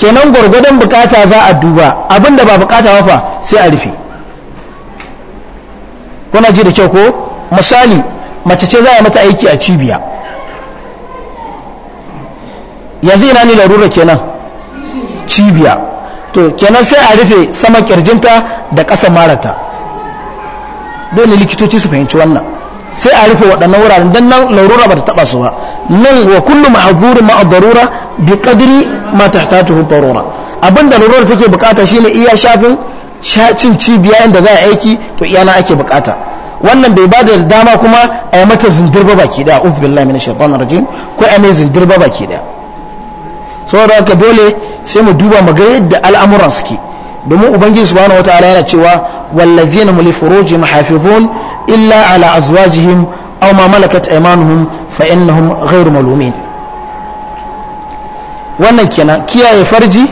kenan gwargwadon bukata za a duba abinda ba bukata wafa sai a rufe kuna ji da kyau ko misali mace ce za a mata aiki a cibiya yanzu ina ne larura kenan cibiya to kenan sai a rufe saman kirjinta da ƙasa marata dole likitoci su fahimci wannan sai a rufe waɗannan wuraren don nan larura ba ta taɓa su ba nan wa kullu ma'azurin ma darura bi qadri ma tahtatuhu darura abin da larura take bukata shine iya shafin cin cibiya inda za a aiki to iya na ake bukata wannan bai bada dama kuma a yi mata zindirba baki daya uz billahi minash shaitanir rajim ko a mai zindirba baki daya saboda haka dole sai mu duba mu ga yadda al'amuran suke domin ubangiji subhanahu wataala yana cewa wallazina hum li furujihim hafizun illa ala azwajihim aw ma malakat aymanuhum fa innahum ghairu malumin wannan kenan kiyaye farji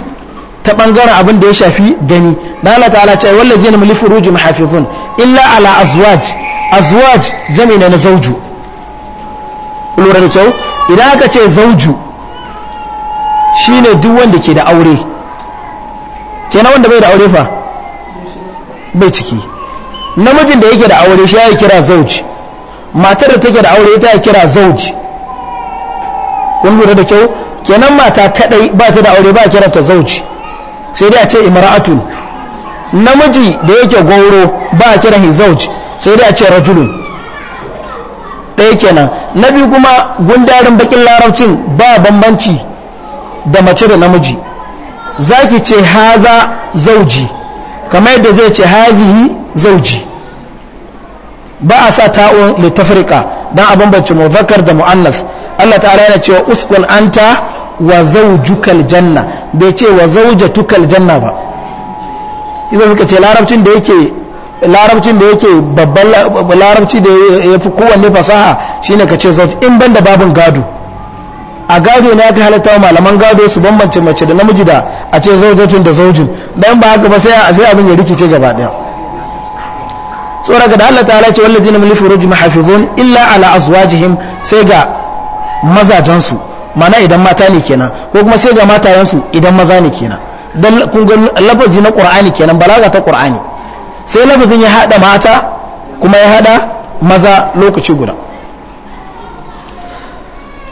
ta bangaren abin da ya shafi gani da Allah ta'ala ce wallazina hum li furujihim hafizun illa ala azwaj azwaj jami'a na zauju lura da kyau idan aka ce zauju shine duk wanda ke da aure kenan wanda bai da aure fa bai ciki namijin da yake da aure shi ya kira zauji matar da take da aure ita ya kira zauji kun lura da kyau kenan mata kadai ba ta da aure ba kira ta zauji sai dai a ce imra'atun namiji da yake goro ba a kira shi zauji sai dai a ce rajulun ɗaya kenan na biyu kuma gundarin bakin larabcin ba bambanci da mace da namiji za ki ce haza zauji kamar yadda zai ce hazihi zauji ba a sa ta'un litafrika don a bacci muzakar da mu'annaf Allah ta'ala yana cewa uskun anta wa zaujukal janna bai ce wa zaujatukal janna ba idan suka ce larabcin da yake larabcin da yake babban larabci da ya fi kowanne fasaha shine ka ce zauji in banda babin gado a gado ne aka halatta wa malaman gado su bambance mace da namiji da a ce zaujatun da zaujin dan ba haka ba sai sai abin ya rikice gaba daya tsora ga da Allah ta'ala ce wallazina min furujihim mahafizun illa ala azwajihim sai ga mazajan su mana idan mata ne kenan ko kuma sai ga matayen su idan maza ne kenan dan kun ga lafazi na qur'ani kenan balaga ta qur'ani sai lafazin ya hada mata kuma ya hada maza lokaci guda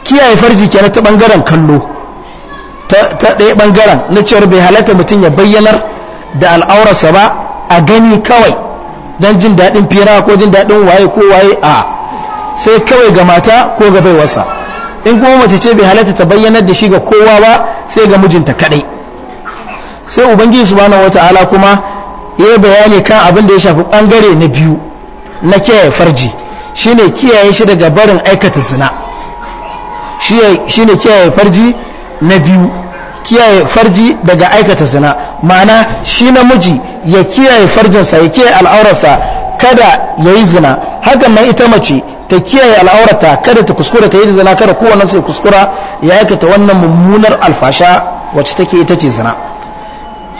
kiyaye farji na ta bangaren kallo ta ɗaya bangaren na cewar bai halatta mutum ya bayyanar da al'aurarsa ba a gani kawai don jin daɗin fira ko jin daɗin waye ko waye a sai kawai ga mata ko ga baiwarsa in kuma mace ce bai halatta ta bayyanar da shi ga kowa ba sai ga mijinta kaɗai sai ubangiji subhanahu wata'ala kuma ya bayani kan abin da ya shafi bangare na biyu na kiyaye farji shine kiyaye shi daga barin aikata zina shi ne kiyaye farji na biyu kiyaye farji daga aikata zina ma'ana shi namiji ya kiyaye farjinsa ya kiyaye al'aurarsa kada ya yi zina hakan nan ita mace ta kiyaye al'aurata kada ta kuskura ta yi zina kada kowanne sai kuskura ya aikata wannan mummunar alfasha wacce take ita ce zina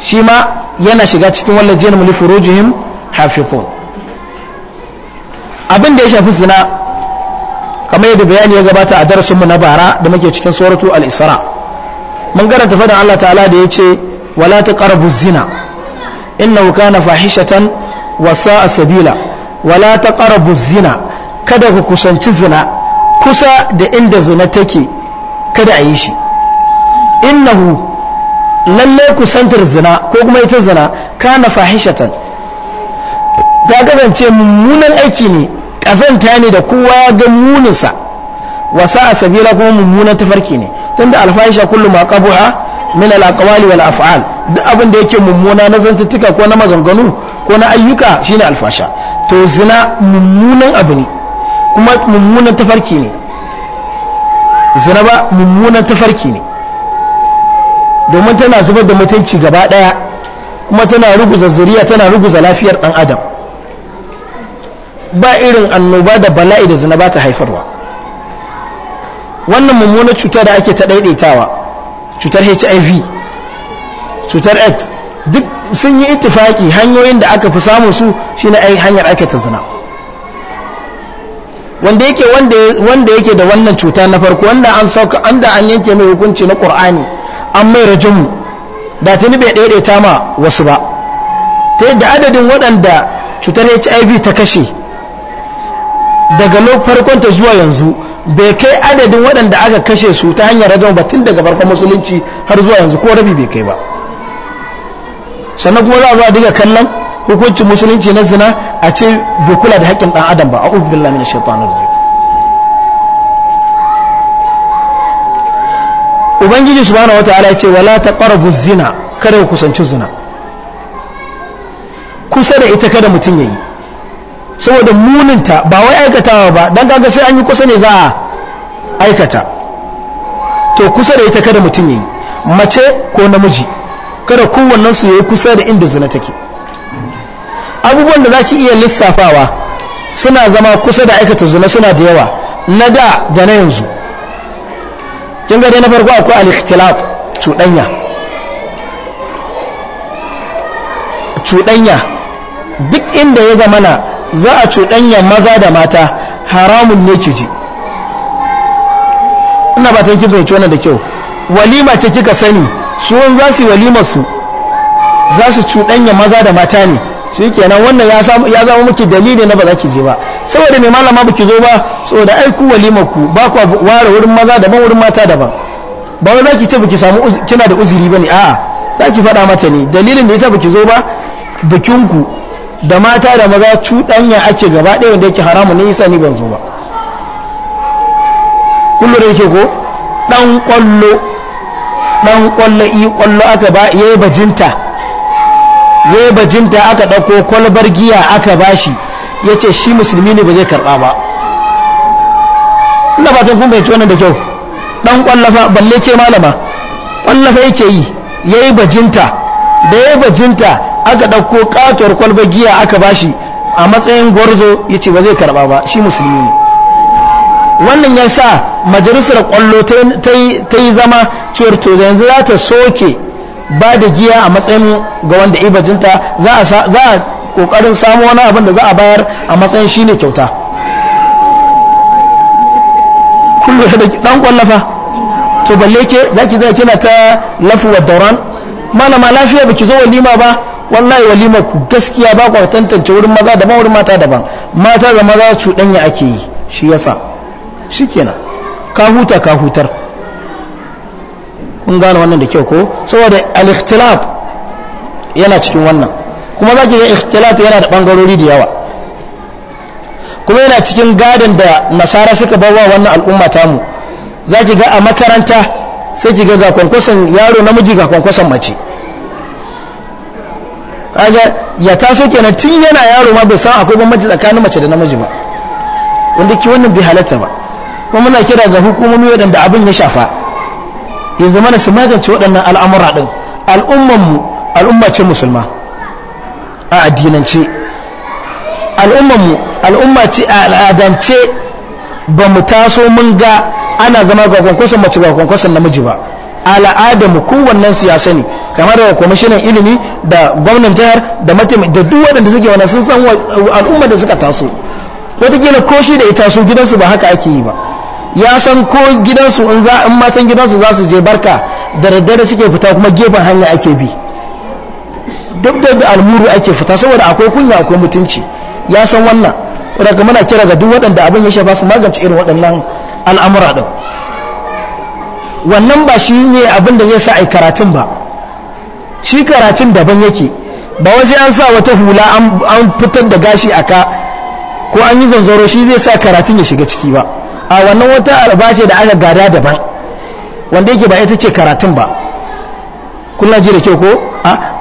shi ma yana shiga cikin wallazina mu li furujihim abin da ya shafi zina kamar yadda bayani ya gabata a darasinmu na bara da muke cikin suratu al-isra mun karanta fadan Allah ta'ala da yace wala taqrabu zina innahu kana fahishatan wa sa'a sabila wala taqrabu zina kada ku kusanci zina kusa da inda zina take kada a yi shi innahu lalle kusantar zina ko kuma ita zina kana fahishatan ta kasance mummunan aiki ne kazanta ne da kowa ya ga muninsa wasa a sabila kuma mummunan tafarki ne tunda alfahisha kullum a kabuwa min al wa wal af'al duk abin da yake mummuna na zantattuka ko na maganganu ko na ayyuka shine alfasha to zina mummunan abu ne kuma mummunan tafarki ne zina ba mummunan tafarki ne domin tana zubar da mutunci gaba daya kuma tana ruguza zuriya tana ruguza lafiyar ɗan adam ba irin annoba da bala'i da zina ba ta haifarwa wannan mummunar cuta da ake ta ɗaiɗaitawa cutar hiv cutar x duk sun yi itifaki hanyoyin da aka fi samun su shi shine hanyar ake ta zina wanda yake wanda yake da wannan cuta na farko wanda an sauka da an yanke mai hukunci na ƙur'ani an mai rajum da ta bai ɗaiɗaita ma wasu ba ta yadda adadin waɗanda cutar hiv ta kashe daga farkon ta zuwa yanzu bai kai adadin waɗanda aka kashe su ta hanyar rajon ba tun daga farkon musulunci har zuwa yanzu ko rabi bai kai ba sannan kuma za a zo a diga kallon hukuncin musulunci na zina a ce bai kula da haƙƙin ɗan adam ba a uzu billahi min shaitanir rajim ubangiji subhanahu wataala ya ce wala taqrabu zina kada ku kusanci zina kusa da ita kada mutum yayi saboda muninta ba wai aikatawa ba don kaga sai an yi kusa ne za a aikata to kusa da ita kada mutum ya yi mace ko namiji kada kowannen su yi kusa da inda zina take abubuwan da za ki iya lissafawa suna zama kusa da aikata zina suna da yawa na da da na yanzu kin ga na farko akwai al-ikhtilaf cuɗanya duk inda ya na za a cuɗanya maza da mata haramun ne ki ji ina ba ta yi fahimci wannan da kyau walima ce kika sani su wani za su walima su za su cuɗanya maza da mata ne Su yi kenan wannan ya zama muke dalili na ba za ki je ba saboda mai malama ba ki zo ba saboda ai ku walima ku ba ku ware wurin maza daban wurin mata daban ba wani za ki ce ba ki samu kina da uziri ba ne a'a za ki faɗa mata ne dalilin da ya sa ba ki zo ba bikinku da mata da maza cuɗanya ake gaba ɗaya wanda yake haramun ne ni ban zo ba kullum da yake ko ɗan ƙwallo ɗan ƙwallo i ƙwallo aka ba yayi bajinta yayi bajinta aka ɗauko kwalbar giya aka bashi ya ce shi musulmi ne ba zai karɓa ba ina fatan kun bayyanci wannan da kyau ɗan ƙwallafa balle ke malama ƙwallafa yake yi yayi bajinta da yayi bajinta aka ɗauko katuwar kwalba giya aka bashi a matsayin gwarzo ya ce ba zai karba ba shi musulmi ne wannan ya sa majalisar kwallo ta yi zama cewar to yanzu za ta soke ba da giya a matsayin ga wanda ibajinta za a kokarin samu wani abin da za a bayar a matsayin shine kyauta dan kwallafa to balle ke za ki zai kina ta wa dauran malama lafiya baki zo walima ba wallahi walima ku gaskiya ba ku tantance wurin maza daban wurin mata daban mata da maza cuɗanya ake yi shi yasa shikenan ka huta ka hutar kun gane wannan da kyau ko saboda al-ikhtilat yana cikin wannan kuma zaki ga ikhtilat yana da bangarori da yawa kuma yana cikin gadin da nasara suka bawa wannan al'umma tamu zaki ga a makaranta sai ki ga ga kwankwason yaro namiji ga kwankwason mace kaga ya taso kenan tun yana yaro ma bai san akwai bambanci tsakanin mace da namiji ba wanda ki wannan bai halatta ba kuma muna kira ga hukumomi waɗanda abin ya shafa ya zama na su magance waɗannan al'amura ɗin mu al'umma ce musulma a addinance mu al'umma ce a al'adance ba mu taso mun ga ana zama ga kwankwason mace ga kwankwason namiji ba ala adamu kowannen su ya sani kamar da kwamishinan ilimi da gwamnan jihar da mataimakin da duk waɗanda suke wannan sun san al'umma da suka taso wataƙila ko shi da ita su gidansu ba haka ake yi ba ya san ko gidansu in za in matan gidansu za su je barka da daddare suke fita kuma gefen hanya ake bi duk da almuru ake fita saboda akwai kunya akwai mutunci ya san wannan kuma muna kira ga duk waɗanda abin ya shafa su magance irin waɗannan al'amura ɗin wannan ba shi ne abin da zai sa a karatun ba shi karatun daban yake ba wasu an sa wata hula an fitar da gashi a ka ko an yi zanzaro shi zai sa karatun ya shiga ciki ba a wannan wata alba ce da aka gada daban wanda yake ba ita ce karatun ba kuna ji da kyau ko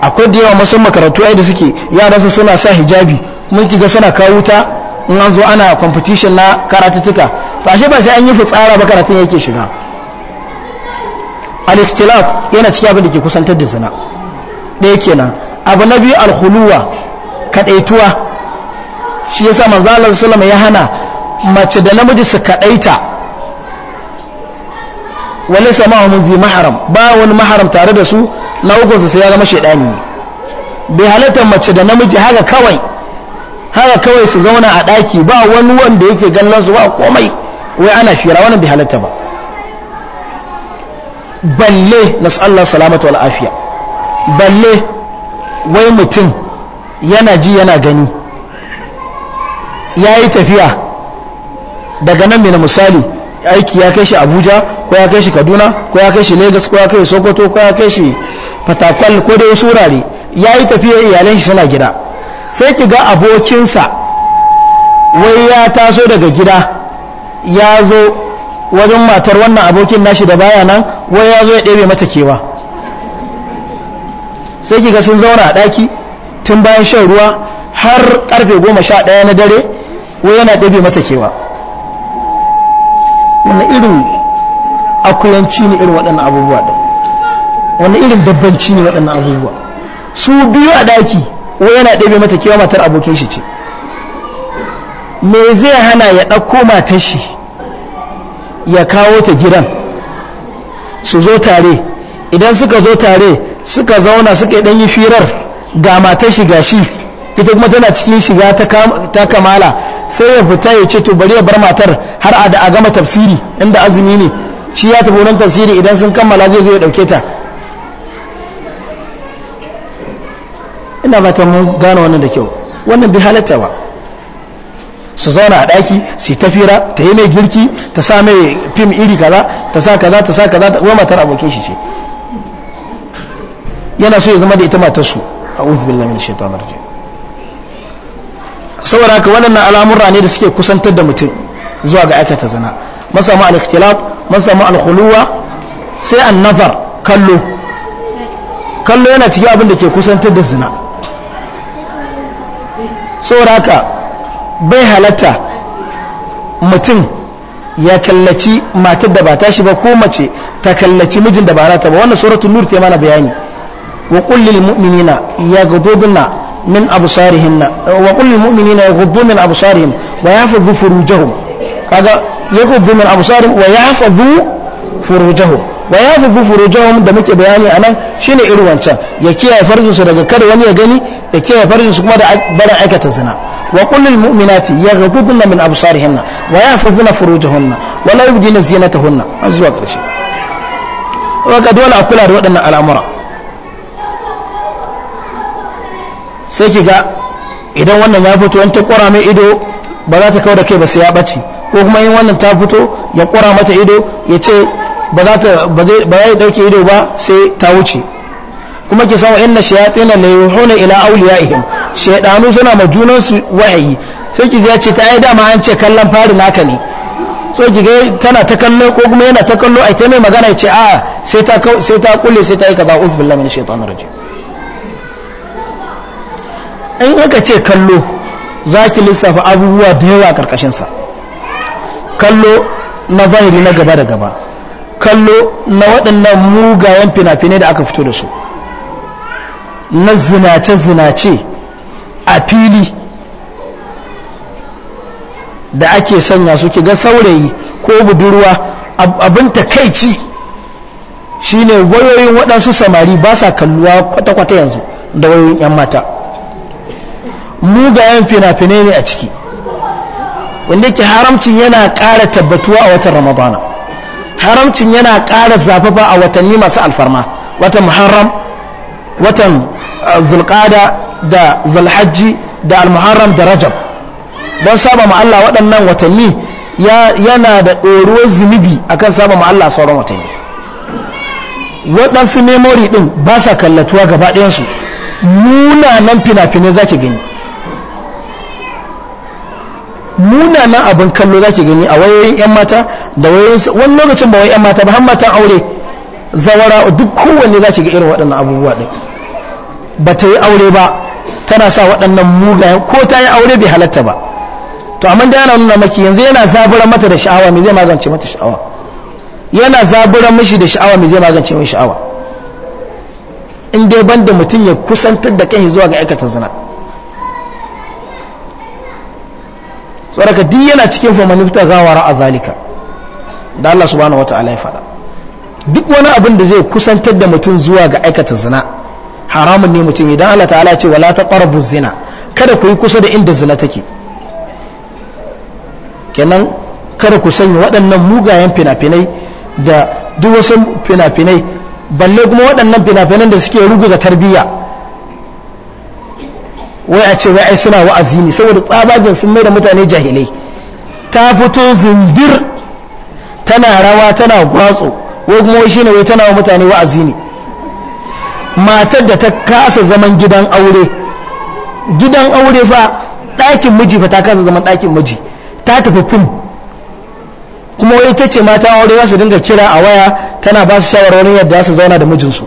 akwai da yawa musamman makarantu ai da suke su suna sa hijabi mun ki ga suna kawo wuta in an zo ana competition na karatuttuka to ashe ba sai an yi fitsara ba karatun yake shiga al-ikhtilaf yana cikin abin da ke kusantar da zina ɗaya kenan abu na biyu al-khuluwa kadaituwa shi yasa manzo Allah wasallam ya hana mace da namiji su kadaita wala sama min mahram ba wani mahram tare da su na ukunsa sai ya zama shedani ne bai halatta mace da namiji haka kawai haka kawai su zauna a ɗaki ba wani wanda yake gallon su ba komai wai ana shira wannan bai halatta ba balle na salamatu wal balle wai mutum yana ji yana gani ya yi tafiya daga nan na misali aiki ya kai shi abuja ko ya kai shi kaduna ko ya kai shi lagos ko ya kai sokoto ko ya kai shi fatakwal ko dai wasu wurare ya yi tafiya iyalan shi suna gida sai ki ga abokinsa wai ya taso daga gida ya zo wajen matar wannan abokin nashi da baya nan wai ya zo ya ɗebe mata kewa sai kika sun zauna a ɗaki tun bayan shan ruwa har karfe goma sha ɗaya na dare wai yana ɗebe mata kewa wani irin akuyanci ne irin waɗannan abubuwa ɗin wani irin dabbanci ne waɗannan abubuwa su biyu a ɗaki wai yana ɗebe mata kewa matar abokin shi ce me zai hana ya ɗauko matar shi ya kawo ta gidan su zo tare idan suka zo tare suka zauna suka ɗanyi yi firar ga matar shiga shi ita kuma tana cikin shiga ta kamala sai ya fita ya ce to bari ya bar matar har a da a gama tafsiri inda azumi ne shi ya tafi wurin tafsiri idan sun kammala zai zo ya ɗauke ta ina fatan mun gane wannan da kyau wannan bi halatta ba su zauna a ɗaki su tafira ta yi mai girki ta sa mai fim iri kaza ta sa kaza ta sa kaza ta matar abokin shi ce yana so ya zama da ita su a uzbillah min shaitan rajim saboda haka waɗannan al'amurra ne da suke kusantar da mutum zuwa ga aikata zina masa samu al-ikhtilat mun samu al-khuluwa sai an-nazar kallo kallo yana cikin abin da ke kusantar da zina saboda haka bai halatta mutum ya kallaci matar da ba ta shi ba ko mace ta kallaci mijin da ba ta ba wannan suratul nur ke mana bayani wa qul lil mu'minina yaghudduna min absarihim wa qul lil mu'minina yaghuddu min absarihim wa yahfazu furujahum kaga yaghuddu min absarihim wa yahfazu furujahum wa ya fi furujahum da muke bayani anan shine irin wancan ya kiyaye su daga kada wani ya gani ya kiyaye su kuma da barin aikata zina wa kullul mu'minati yaghdudna min absarihinna wa yahfazna furujahunna wa la ta zinatahunna an zuwa ƙarshe. karshe ga dole a kula da waɗannan al'amura sai ki ga idan wannan ya fito wani ta ƙura mai ido ba za ta kawo da kai ba sai ya ɓace ko kuma in wannan ta fito ya ƙura mata ido ya ce ba za ta ba zai dauke ido ba sai ta wuce kuma ki san inna shayatin la yuhuna ila awliyaihim shaydanu suna ma junan su wahayi sai ki ce ta ai dama an ce kallon fari naka ne so ki ga tana ta kallo ko kuma yana ta kallo ai ta mai magana ce a sai ta sai ta kulle sai ta yi kaza uz billahi minash shaitan rajim in aka ce kallo za ki lissafa abubuwa da yawa karkashin sa kallo na zahiri na gaba da gaba kallo na waɗannan mugayen fina-finai da aka fito da su na zinace-zinace a fili da ake sanya su ga saurayi ko budurwa abin takaici shine wayoyin waɗansu samari ba sa kalluwa kwata-kwata yanzu da wayoyin 'yan mata mugayen fina-finai ne a ciki wanda ke haramcin yana ƙara tabbatuwa a watan ramadana haramcin yana ƙara zafafa a watanni masu alfarma watan muharram watan uh, zulqada da zulhajji da almuharram da rajab don saba ma'alla Allah waɗannan watanni yana da ɗoruwar zunubi akan saba ma'alla Allah sauran watanni waɗansu memori ɗin ba sa kallatuwa gaba ɗayansu munanan fina-finai za ki gani munanan abin kallo za ki gani a wayoyin 'yan mata da wayoyinsu wani lokacin ba wai 'yan mata ba har matan aure zawara duk kowanne za ki ga irin waɗannan abubuwa ɗin ba ta yi aure ba tana sa waɗannan mugayen ko ta yi aure bai halatta ba to amma da yana nuna maki yanzu yana zabura mata da sha'awa me zai magance mata sha'awa yana zabura mishi da sha'awa me zai magance mai sha'awa in dai banda mutum ya kusantar da kai zuwa ga aikata zina tsoraka duk yana cikin famanifta gawara a zalika da Allah subhanahu wata'ala ya faɗa duk wani abin da zai kusantar da mutum zuwa ga aikata zina haramun ne mutum idan Allah ta'ala ce wala taqrabu zina kada ku yi kusa da inda zina take kenan kada ku sanya waɗannan mugayen fina-finai da duk wasu fina-finai balle kuma waɗannan fina-finan da suke ruguza tarbiyya wai a ce wai ai suna wa'azi ne saboda tsabagen sun mai da mutane jahilai ta fito zindir tana rawa tana kwatso wa kuma shi ne wai tana wa mutane wa'azi ne matar da ta kasa zaman gidan aure gidan aure fa ɗakin miji fa ta kasa zaman ɗakin miji ta tafi fim kuma wai ta ce mata aure za su dinga kira a waya tana ba su shawarwarin yadda za su zauna da mijinsu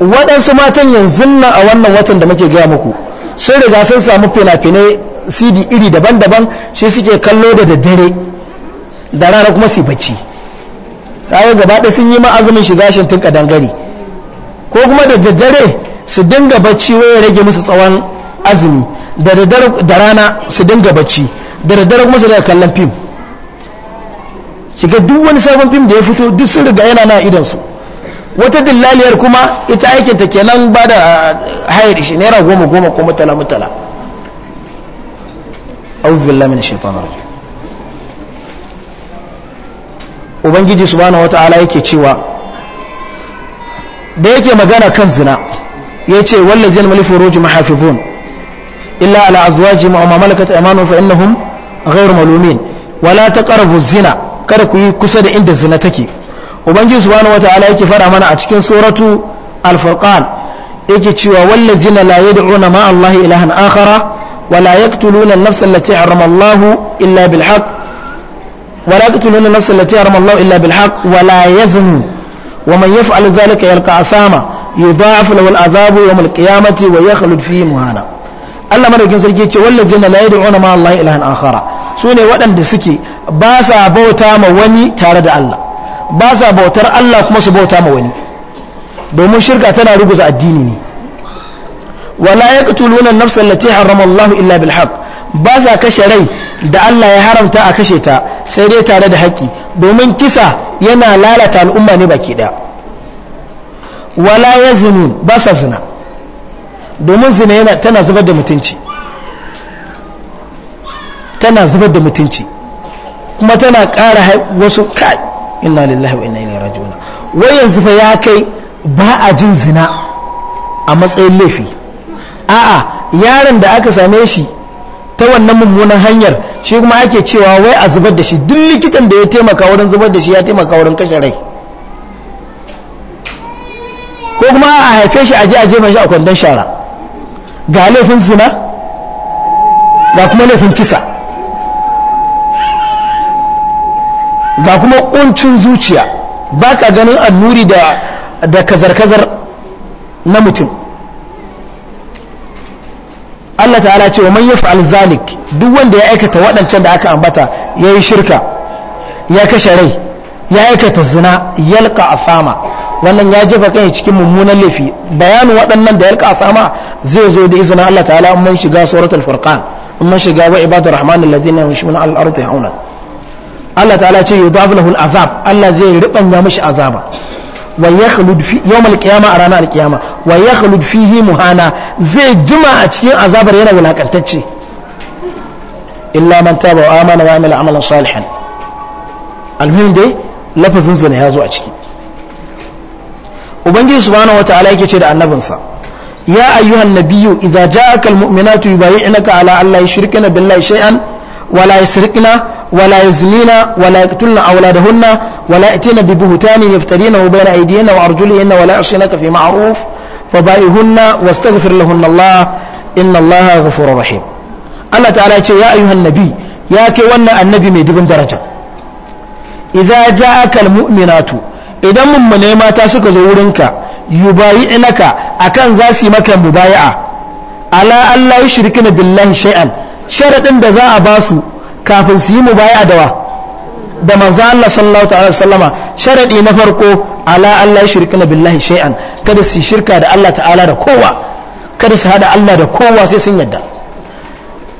waɗansu matan yanzu nan a wannan watan da muke gaya muku sun riga sun samu fina-finai cd iri daban-daban shi suke kallo da daddare da rana kuma su bacci kaga gaba ɗaya sun yi ma azumin shiga shi tun kadangare ko kuma da daddare su dinga bacci wai rage musu tsawon azumi da da rana su dinga bacci da daddare kuma su dinga kallon fim shiga duk wani sabon fim da ya fito duk sun riga yana na idan su wata dillaliyar kuma ita aikin ta kenan ba da ah, hayar shi naira goma goma ko mutala mutala shaitanir rajim ubangiji subhanahu wata'ala yake cewa da yake magana kan zina ya ce wallajin malifuroji mahafifun illa ala azwaji ma'amma malakata imanu fa innahum ghairu malumin wala taqrabu zina kada ku yi kusa da inda zina take ubangiji subhanahu wata'ala yake fara mana a cikin suratu al-furqan yake cewa wallajin la yad'una ma'a allahi ilahan akhara wala yaqtuluna an-nafsa allati harrama allahu illa bil haqq ولا تقتلون النفس التي حرم الله إلا بالحق ولا يزنوا ومن يفعل ذلك يلقى أثاما يضاعف له العذاب يوم القيامة ويخلد فيه مهانا Allah madaukin sarki ya ce wallazina la yad'una ma Allah ilahan akhara sune waɗanda suke basa bauta ma wani tare da Allah ba bautar Allah kuma su bauta ma wani domin shirka tana ruguza addini ne wala yaqtuluna an-nafsa allati harrama Allah illa bil haqq kashe rai da Allah ya haramta a kashe ta sai dai tare da haƙƙi domin kisa yana lalata al'umma ne baki ɗaya wala ya zinu ba sa zina domin zina yana tana zubar da mutunci tana zubar da mutunci kuma tana ƙara wasu kai inna lillahi wa inna ilaihi raji'un wai yanzu fa ya kai ba a jin zina a matsayin laifi a'a yaron da aka same shi ta wannan mummunan hanyar shi kuma ake cewa wai a zubar da shi duk likitan da ya taimaka wurin zubar da shi ya taimaka wurin kashe rai ko kuma a haife shi aje aje mai shi a kwandon shara ga laifin zina ga kuma laifin kisa ga kuma kuncin zuciya ba ka ganin annuri da kazar-kazar na mutum Allah ta'ala ce wa man yaf'al zalik duk wanda ya aikata waɗancan da aka ambata yayi shirka ya kashe rai ya aikata zina yalqa sama wannan ya jefa kai cikin mummunan laifi bayanin waɗannan da yalqa sama zai zo da izinin Allah ta'ala in mun shiga suratul furqan in mun shiga wa ibadur rahman alladhina yamshuna al ardi hauna Allah ta'ala ce yudafu lahu al azab Allah zai ribanya mishi azaba wa ya a ranar alkiyama wa ya fihi muhana zai jima a cikin azabar yana wulakantacce illa man taba wa amana wa amila amalan salihan almuhim dai lafazin zina ya zo a ciki ubangiji subhanahu wataala yake ce da annabinsa يا أيها النبي إذا جاءك المؤمنات يبايعنك على أن لا يشركن بالله شيئا ولا يسرقن ولا يزنين ولا يقتلن أولادهن ولا يأتين ببهتان يفترينه بين أيديهن وأرجلهن ولا يعصينك في معروف فبائهن واستغفر لهن الله إن الله غفور رحيم الله تعالى يا أيها النبي يا كوانا النبي ميدبن درجة إذا جاءك المؤمنات إذا من نيما تاسك زورنك يبايعنك أكن زاسي مكا مبايعة على ألا يشركن بالله شيئا شرط إن ذا أباسو kafin su yi mu mubaya dawa da manzo Allah sallallahu ta'ala sallama sharadi na farko ala Allah shirkina billahi shay'an kada su shirka da Allah ta'ala da kowa kada su hada Allah da kowa sai sun yadda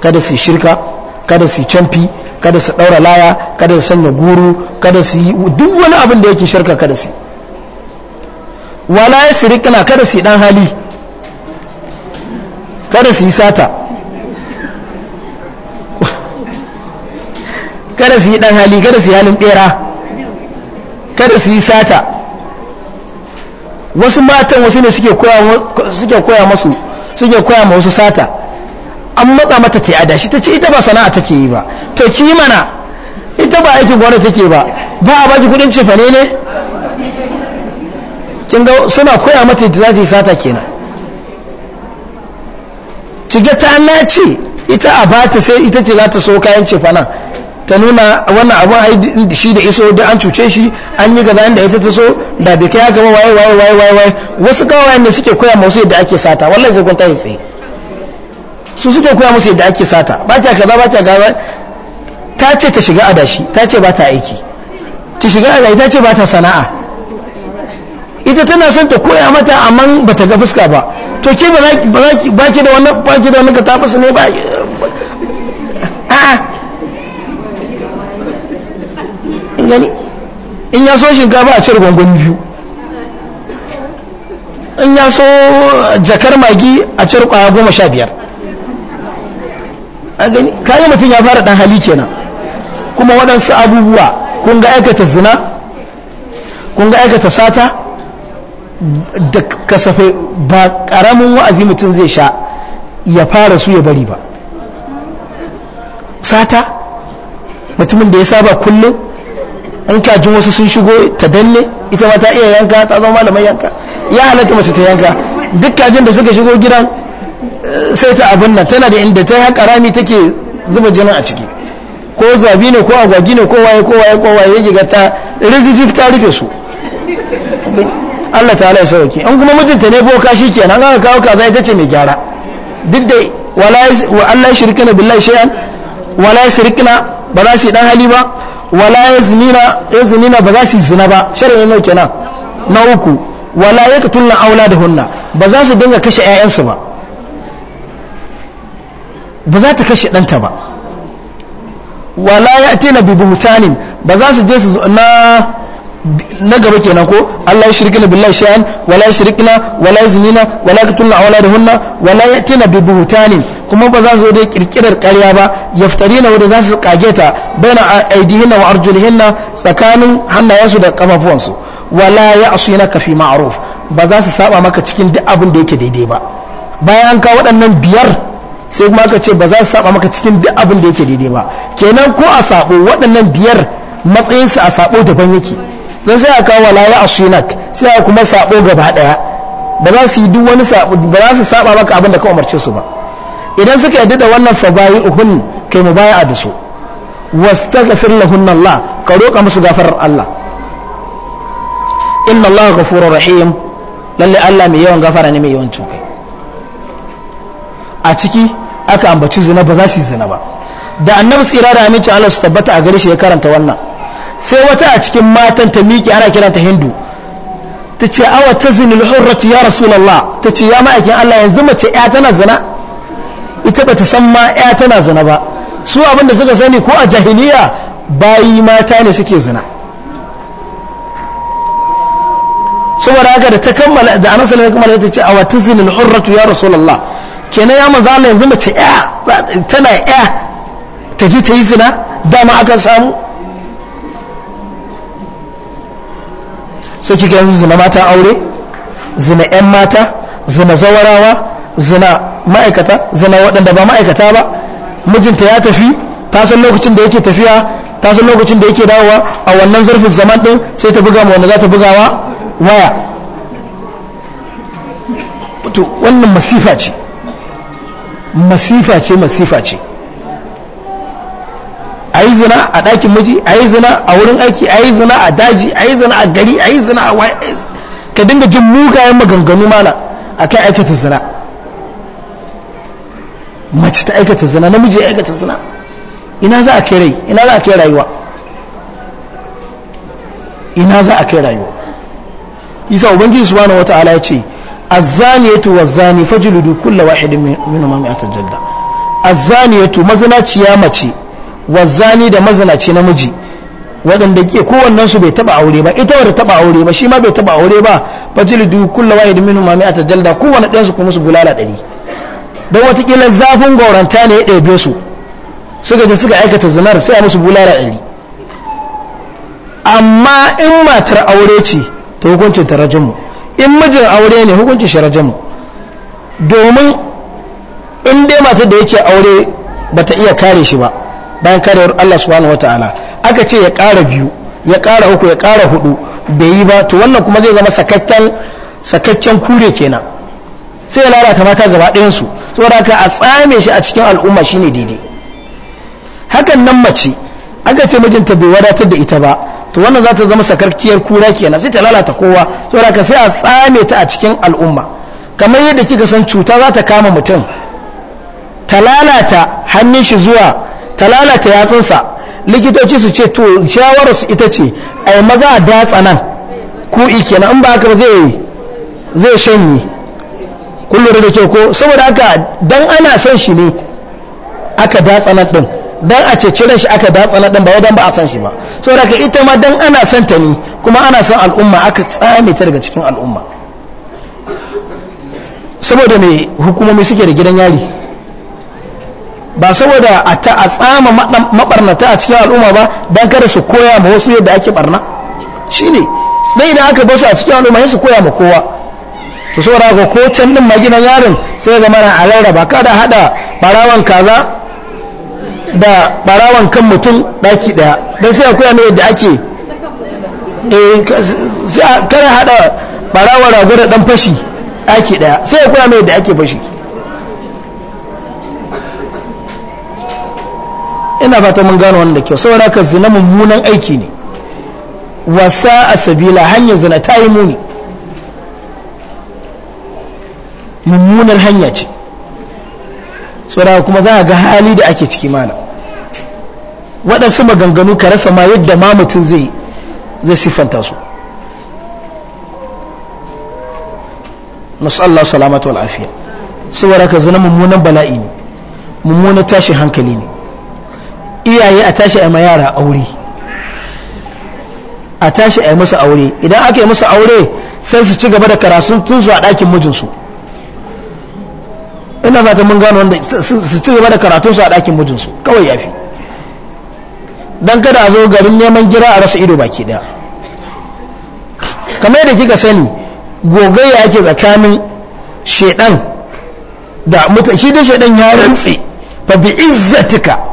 kada su shirka kada su canfi kada su daura laya kada su sanya guru kada su yi duk wani abin da yake shirka kada su wala ya yasrikna kada su dan hali kada su yi sata kada su yi dan hali kada su yi halin bera kada su yi sata wasu matan wasu ne suke koya masu suke koya ma wasu sata an matsa mata ta ada shi ta ce ita ba sana'a take yi ba to ki mana ita ba aikin gwamna take ba ba a baki kudin cefane ne kin ga suna koya mata da ta yi sata kenan kiga ta ce ita a bata sai ita ce za ta so kayan cefanen ta nuna wannan abun ai shi da iso da an cuce shi an yi gaza inda ita ta so da bai kai haka ba waye waye waye waye waye wasu kawai ne suke koya musu yadda ake sata wallahi zai kwanta yatsi tsaye su suke koya musu yadda ake sata ba ta kaza ba ta gaza ta ce ta shiga adashi ta ce ba ta aiki ta shiga adashi ta ce ba ta sana'a ita tana son ta koya mata amma ba ta ga fuska ba to ke ba ki da wannan ba ki da wannan ka tafasa ne ba a'a gani in ya so shinkafa a cire gwangwani biyu in ya so jakar magi a cire kwaya goma sha biyar a gani kayan mutum ya fara dan hali kenan kuma waɗansu abubuwa kun ga aikata zina kun ga aikata sata da kasafai ba ƙaramin wa'azi mutum zai sha ya fara su ya bari ba sata mutumin da ya saba kullum in kajin wasu sun shigo ta danne ita ma ta iya yanka ta zama malamai yanka ya halatta masu ta yanka duk kajin da suka shigo gidan eh, sai ta abin nan tana da inda ta haka rami take zuba jinin a ciki ko zabi ne ko agwagi ne ko waye ko waye ko waye yake ga ta rijijif ta rufe su Allah ta ya sauke in kuma mijinta ne boka shi kenan an kawo kaza ita ce mai gyara duk da wala wa Allah shirkana billahi shay'an wala shirkana ba za su yi dan hali ba wala zinina ba za su zina ba shari'in nau kenan na uku wala ya katunan aula da hunna ba za su dinga kashe 'ya'yansu ba ba za ta kashe ɗanta ba wala ya tina bibu buhutanin ba za su je su na na gaba kenan ko Allah ya shirkina billahi shay'an wala yushrikna wala zinina wala yaqtulna awladahunna wala tina bi buhutani kuma ba za su da kirkirar karya ba yaftarina wanda za su kage ta baina aidihinna wa arjulihinna tsakanin hannayensu da kafafuwansu wala ya'sinaka fi ma'ruf ba za su saba maka cikin duk abin da yake daidai ba bayan an kawo waɗannan biyar sai kuma aka ce ba za su saba maka cikin duk abin da yake daidai ba kenan ko a sabo waɗannan biyar matsayinsu a saɓo daban yake don sai a kawo wala a shinak sai a kuma sabo gaba daya ba za su yi duk wani sabo ba za su saba maka abin da ka umarce su ba idan suka yadda da wannan fa bayi uhun kai mubaya'a da su wastaghfir lahun Allah ka roƙa musu gafarar Allah inna Allah ghafurur rahim lalle Allah mai yawan gafara ne mai yawan cin kai a ciki aka ambaci zina ba za su yi zina ba da annabi tsira da aminci Allah su tabbata a gare shi ya karanta wannan sai wata a cikin matan ta miƙe ana kiranta hindu ta ce awa ta zini hurratu ya rasulallah ta ce ya ma'aikin Allah yanzu mace ya tana zina ita ba ta san ma ya tana zina ba su abinda suka sani ko a jahiliya bayi mata ne suke zina saboda haka da ta kammala da anas sallallahu alaihi ta ce awa ta zini hurratu ya rasulallah kenan ya manzo Allah yanzu mace ya tana ya ta ji ta yi zina dama akan samu sai kika yanzu zina mata aure zina 'yan mata zina zawarawa zina ma'aikata zina waɗanda ba ma'aikata ba mijinta ya tafi ta san lokacin da yake tafiya ta san lokacin da yake dawowa a wannan zarfin zaman ɗin sai ta buga ma wanda za ta bugawa waya to wannan masifa ce masifa ce masifa ce yi zina a ɗakin miji a yi zina a wurin aiki a yi zina a daji a yi zina a gari a yi zina a waye ka dinga jin mugayen maganganu mana a kai aikata zina mace ta aikata zina namiji ya aikata zina ina za a kai rai ina za a kai rayuwa ina za a kai rayuwa isa ubangiji subhanahu wata'ala ya ce azzaniyatu wazzani fajlidu kullu wahidin minhum mi'ata jalda azzaniyatu mazinaciya mace wazzani da mazanaci namiji waɗanda ke kowannen su bai taba aure ba ita wadda taba aure ba shi ma bai taba aure ba fajlidu kullu wahid minhum ma mi'ata jalda kowanne ɗayan su kuma su bulala ɗari don watakila zafin gauranta ne ya ɗebe su suka je suka aikata zinar sai a musu bulala ɗari amma in matar aure ce ta hukuncin ta mu in mijin aure ne hukuncin shi mu domin in dai matar da yake aure bata iya kare shi ba bayan karewar Allah subhanahu ta'ala aka ce ya ƙara biyu ya ƙara uku ya ƙara hudu bai yi ba to wannan kuma zai zama sakakken sakakken kure kenan sai ya lalata maka gaba su saboda haka a tsame shi a cikin al'umma shine daidai hakan nan mace aka ce mijinta bai wadatar da ita ba to wannan za ta zama sakarkiyar kura kenan sai ta lalata kowa saboda haka sai a tsame ta a cikin al'umma kamar yadda kika san cuta za ta kama mutum ta lalata hannun shi zuwa ta lalata yatsunsa likitoci su ce to shawararsu ita ce ai maza a datsa nan ku'i kenan in ba haka ba zai zai shanye kullum da ke ko saboda haka dan ana son shi ne aka datsa nan din dan a cece shi aka datsa nan din ba wadan ba a san shi ba saboda haka ita ma dan ana son ta ne kuma ana san al'umma aka tsame ta daga cikin al'umma saboda mai hukumomi suke da gidan yari ba saboda a ta a tsama maɓarnata a cikin al'umma ba don kada su koya ma wasu yadda ake ɓarna shi ne dan idan aka basu a cikin al'umma sai su koya ma kowa to saboda ga ko can din maginan yarin sai ga mana a rarraba kada hada barawan kaza da barawan kan mutum daki daya dan sai a koya ne yadda ake eh kada hada barawan rago da dan fashi daki daya sai a koya ne yadda ake fashi ina fata mun gano wannan da kyau saboda ka zina mummunan aiki ne wasa a sabila hanyar zina ta yi muni mummunar hanya ce saboda kuma za a ga hali da ake ciki mana waɗansu maganganu ka rasa ma yadda ma mutum zai zai siffanta su Allah salamatu wal afiya saboda ka zina mummunan bala'i ne mummunan tashi hankali ne iyaye a tashi a ma yara aure a tashi a yi musu aure idan aka yi musu aure sai su ci gaba da karatun tun su a ɗakin mijinsu ina fata mun gano wanda su ci gaba da karatun su a ɗakin mijinsu kawai ya fi don kada a zo garin neman gira a rasa ido baki ɗaya kamar yadda kika sani gogayya ake tsakanin shaidan da mutum shi dai shaidan ya rantse fa bi izzatika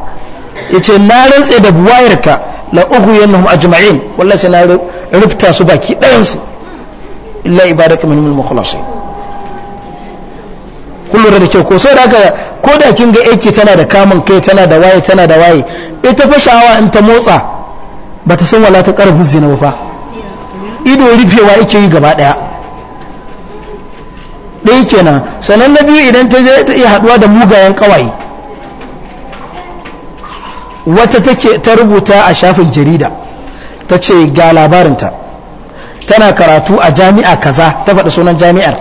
yace na rantse da buwayarka la ughwiyannahum ajma'in wallahi sai na rufta su baki ɗayan su illa ibadaka min al-mukhlasin kullum da kyau ko sau da haka ko da kin ga aiki tana da kamun kai tana da waye tana da waye ita fa sha'awa in ta motsa ba ta san wala ta karfin zina ba fa ido rufewa yake yi gaba daya ɗaya kenan sanan na biyu idan ta je ta iya haɗuwa da mugayen ƙawaye wata take ta rubuta a shafin jarida ta ce ga labarinta tana karatu a jami'a kaza ta faɗi sunan jami'ar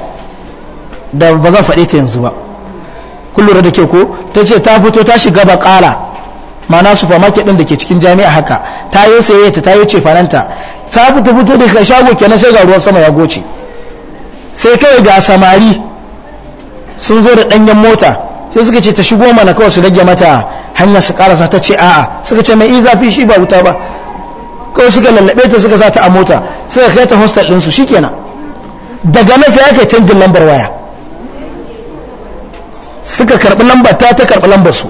da ba zan faɗe ta yanzu ba kullum da ke ko ta ce ta fito ta shiga baƙala mana supermarket ɗin da ke cikin jami'a haka ta yi sayayyata ta yi fananta ta fito fito daga shago kenan sai ga ruwan sama ya goce sai kawai ga samari sun zo da ɗanyen mota sai suka ce ta shigo mana kawai su rage mata hanya su karasa ta ce a'a suka ce mai eh, zafi shi ba wuta ba kawai suka lallabe ta suka sata ta a mota suka kai ta hostel din su shikenan daga nan sai aka canjin lambar waya suka karɓi lambar ta ta karɓi lambar su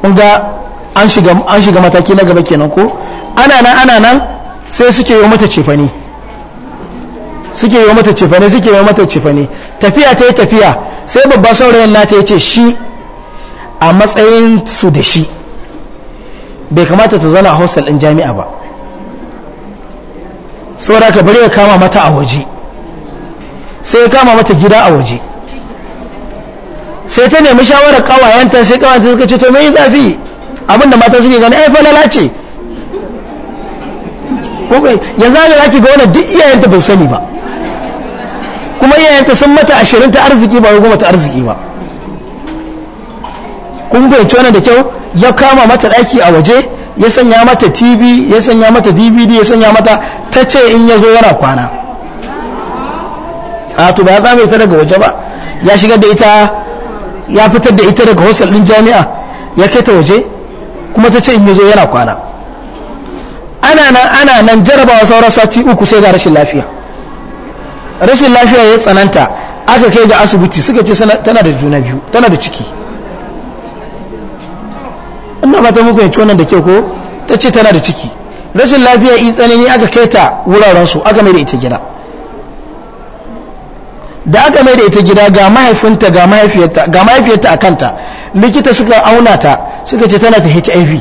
kun ga an shiga mataki na gaba kenan ko ana nan ana nan sai suke yi mata cefane suke yi mata cefane suke yi mata cefane tafiya ta yi tafiya sai babban saurayin ta ya ce shi a matsayin su da shi bai kamata ta zana a hostel ɗin jami'a ba saboda ka bari ya kama mata a waje sai ya kama mata gida a waje sai ta nemi shawarar kawayenta sai kawayenta suka ce to mai zafi abinda mata suke gani ai falala ce yanzu haka za ki ga wani duk iyayenta ba sani ba kuma iyayenta sun mata ashirin ta arziki ba goma ta arziki ba kun fahimci wannan da kyau ya kama mata daki a waje ya sanya mata tv ya sanya mata dvd ya sanya mata ta ce in ya zo yana kwana a to ba za mu ita daga waje ba ya shigar da ita ya fitar da ita daga hostel din jami'a ya kai ta waje kuma ta ce in ya zo yana kwana ana nan ana nan jarabawa sauran sati uku sai ga rashin lafiya rashin lafiya ya tsananta aka kai ga asibiti suka ce tana da juna biyu tana da ciki ina ba ta muku yanci wannan da ke ko ta ce tana da ciki rashin lafiya in tsanani aka kai ta wuraren su aka mai da ita gida da aka mai da ita gida ga mahaifinta ga mahaifiyarta ga mahaifiyarta a kanta likita suka auna ta suka ce tana ta HIV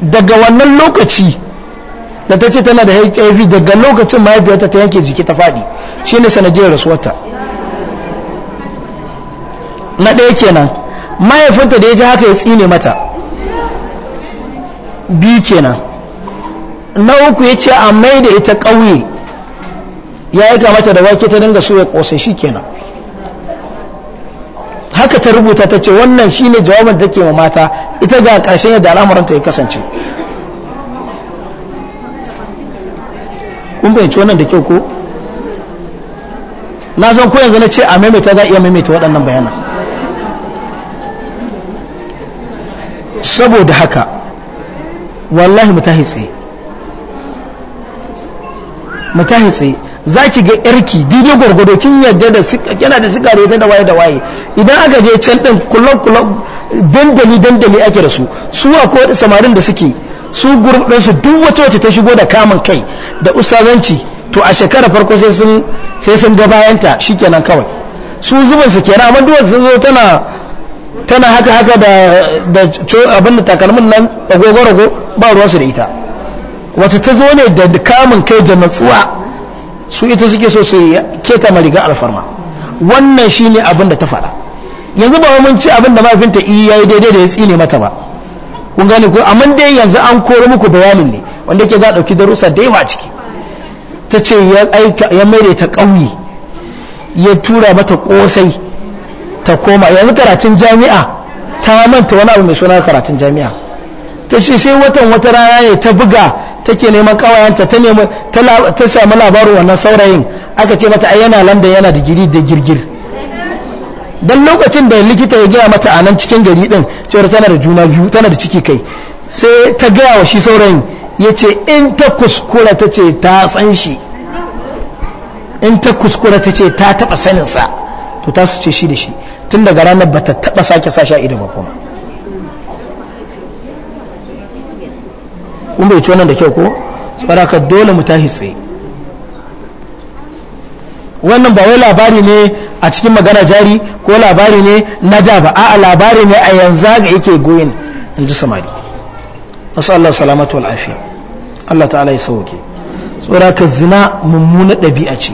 daga wannan lokaci da ta ce tana da HIV daga lokacin mahaifiyarta ta yanke jiki ta faɗi shine sanadiyar rasuwarta na ɗaya kenan mahaifinta da ya ji haka ya tsine mata biyu kenan na uku ya ce a mai da ita ƙauye ya aika mata da wake ta dinga ya ƙosai shi kenan haka ta rubuta ta ce wannan shi ne jawabin da ke ma mata ita ga ƙarshen yadda al'amuranta ya kasance kun fahimci wannan da kyau ko na san ko yanzu na ce a maimaita za a iya maimaita waɗannan bayanan saboda haka wallahi mutahitse mutahitse za ki ga yarki dide gwargwado kin yadda da yana da sigari wata da waye da waye idan aka je can din kullum kullum dandali dandali ake da su su ko samarin da suke su gurbin su duk wata wata ta shigo da kamun kai da usazanci to a shekara farko sai sun sai sun ga bayanta shikenan kawai su zuban su kenan amma duk sun zo tana tana haka haka da abinda takalmin nan agogo rago ba ruwansu da ita wata ta zo ne da kamun kai da natsuwa su ita suke so su keta mariga alfarma wannan shi ne abinda ta faɗa yanzu ba mun ci abinda mafinta iya yi daidai da ya tsine mata ba kun gane ko amma dai yanzu an koro muku bayanin ne wanda yake za a ɗauki darussa da yawa ciki ta ce ya maida ta ƙauye ya tura mata ƙosai ta koma yanzu karatun jami'a ta manta wani abu mai suna karatun jami'a ta shi sai watan wata rana ne ta buga take neman kawayenta ta nemi ta samu labarin wannan saurayin aka ce mata ai yana landa yana da giri da girgir dan lokacin da likita ya gaya mata a nan cikin gari din cewar tana da juna biyu tana da ciki kai sai ta gaya wa shi saurayin ya ce in ta kuskura ta ce ta san shi in ta kuskura ta ce ta taɓa saninsa to ta su ce shi da shi tun daga ranar ba ta taɓa sake sa sha ido ba kuma kun bai wannan da kyau ko tsaraka dole mu tashi tsaye wannan ba wai labari ne a cikin magana jari ko labari ne na da ba a'a labari ne a yanzu ga yake goyin in ji samari nasu Allah salamatu al'afiya Allah ta'ala ya sauke Tsoraka zina mummuna ɗabi'a ce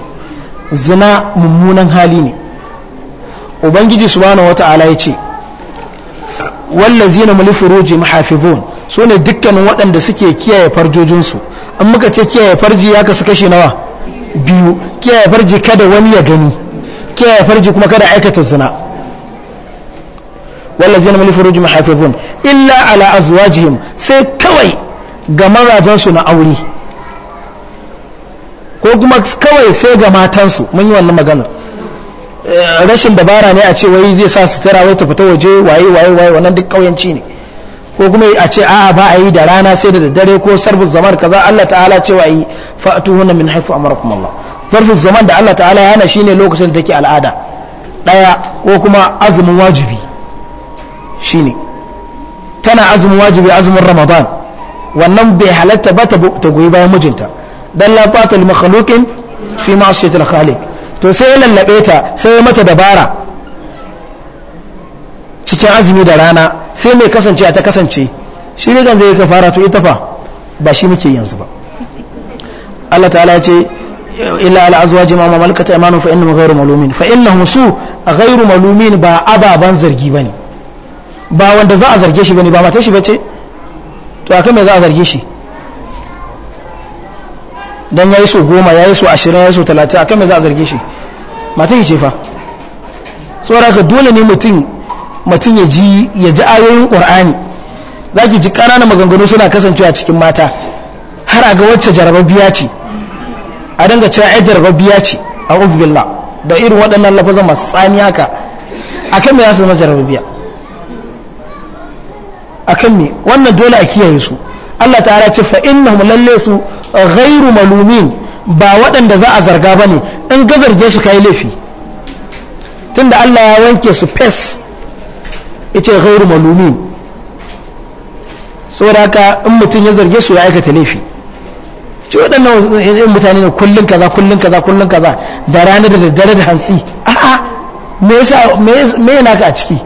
zina mummunan hali ne ubangiji subhanahu Ala ya ce wallazina mali furuji mahafizun su ne dukkanin waɗanda suke kiyaye farjojinsu an muka ce kiyaye farji ya kasu kashe nawa biyu kiyaye farji kada wani ya gani kiyaye farji kuma kada aikata zina wallazina mali furuji mahafizun illa ala azwajihim sai kawai ga mazajensu na aure ko kuma kawai sai ga matansu mun yi wannan maganar Eh, rashin dabara ne a ce wai zai sa sutura wai ta fita waje waye waye waye wannan duk kauyanci ne ko kuma a ce a'a ba a yi da rana sai da daddare ko sarfu zaman kaza Allah ta'ala ce wa yi fa'atuhunna min haifu amarakum Allah zarfu zaman da Allah ta'ala ya yana shine lokacin da take al'ada daya ko kuma azumin wajibi shine tana azumin wajibi azumin ramadan wannan bai halatta ba ta goyi bayan mijinta dan la ta'ata li makhluqin fi ma'siyati al-khaliq to sai ya lallabe ta sai ya mata dabara cikin azumi da rana sai mai kasance a ta kasance shi ne zai ka fara to ita fa ba shi muke yanzu ba Allah ta'ala ya ce illa ala azwaji ma mamalkata imanu fa innahu ghayru malumin fa innahu su ghayru malumin ba ababan zargi bane ba wanda za a zarge shi bane ba mata shi bace to akai me za a zarge shi don ya yi so goma ya yi so ashirin ya yi so talatin a za a zarge shi mata ce fa tsoraka dole ne mutum ya ji ya ji ayoyin ƙwar'ani za ki ji ƙananan maganganu suna kasancewa cikin mata har a ga wacce jarababbiya ce a dinga cewa ai jarababbiya ce a uzbillah da irin waɗannan lafazan masu tsani haka a kan za su zama jarababbiya a kan me wannan dole a kiyaye su Allah ta'ala ce fa innahum lalle su ghairu malumin ba waɗanda za a zarga bane in ga zarge su kai laifi tunda Allah ya wanke su fes ita ghairu malumin da haka in mutum ya zarge su ya aikata laifi ci waɗannan mutane ne kullum kaza kullum kaza kullum kaza da rana da daddare da hantsi a'a me yasa me yana ka a ciki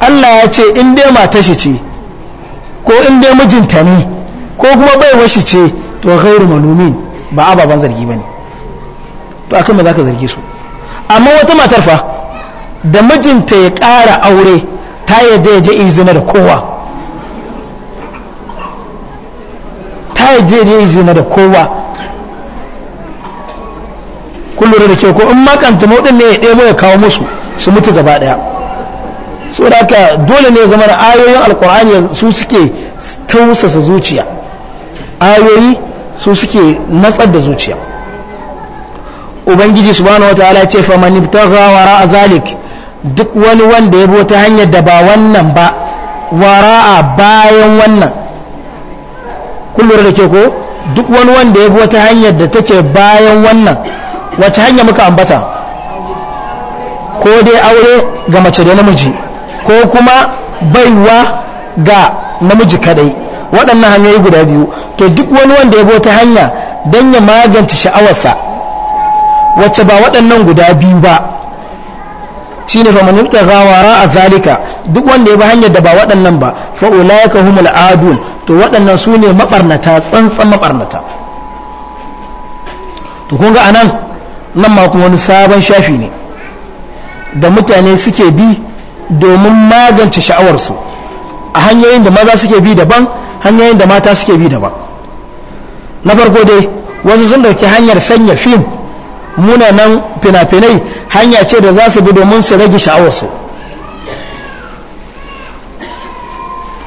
Allah ya ce in dai mata tashi ce ko in dai mijinta ne ko kuma bai washi ce to ghairu malumin ba ababen zargi bane to akan za zaka zargi su amma wata matar fa da mijinta ya ƙara aure ta yadda ya je izina da kowa ta yadda ya je izina da kowa kullum da ke ko in makanta maɗin ne ya ɗebo ya kawo musu su mutu gaba ɗaya so haka dole ne zama da ayoyin alkur'ani su suke tausasa zuciya ayoyi su suke matsar da zuciya ubangiji subhanahu wataala ce fa man ibtagha wara'a zalik duk wani wanda ya bi wata hanyar da ba wannan ba wara'a bayan wannan kullum da ke ko duk wani wanda ya bi wata hanyar da take bayan wannan wace hanya muka ambata ko dai aure ga mace da namiji ko kuma baiwa ga namiji kadai waɗannan hanyoyi guda biyu to duk wani wanda ya bota hanya don ya magance sha'awarsa wacce ba waɗannan guda biyu ba shi ne famanin gawara a zalika duk wanda ya bi hanyar da ba waɗannan ba fa'ula ya ka humul adun to waɗannan su ne maɓarnata tsantsan maɓarnata to kun ga anan nan ma kuma wani sabon shafi ne da mutane suke bi domin magance sha'awarsu a hanyoyin da maza suke bi daban hanyoyin da mata suke bi daban na farko dai wasu sun dauki hanyar sanya fim munanan fina-finai hanya ce da za su bi domin su rage sha'awarsu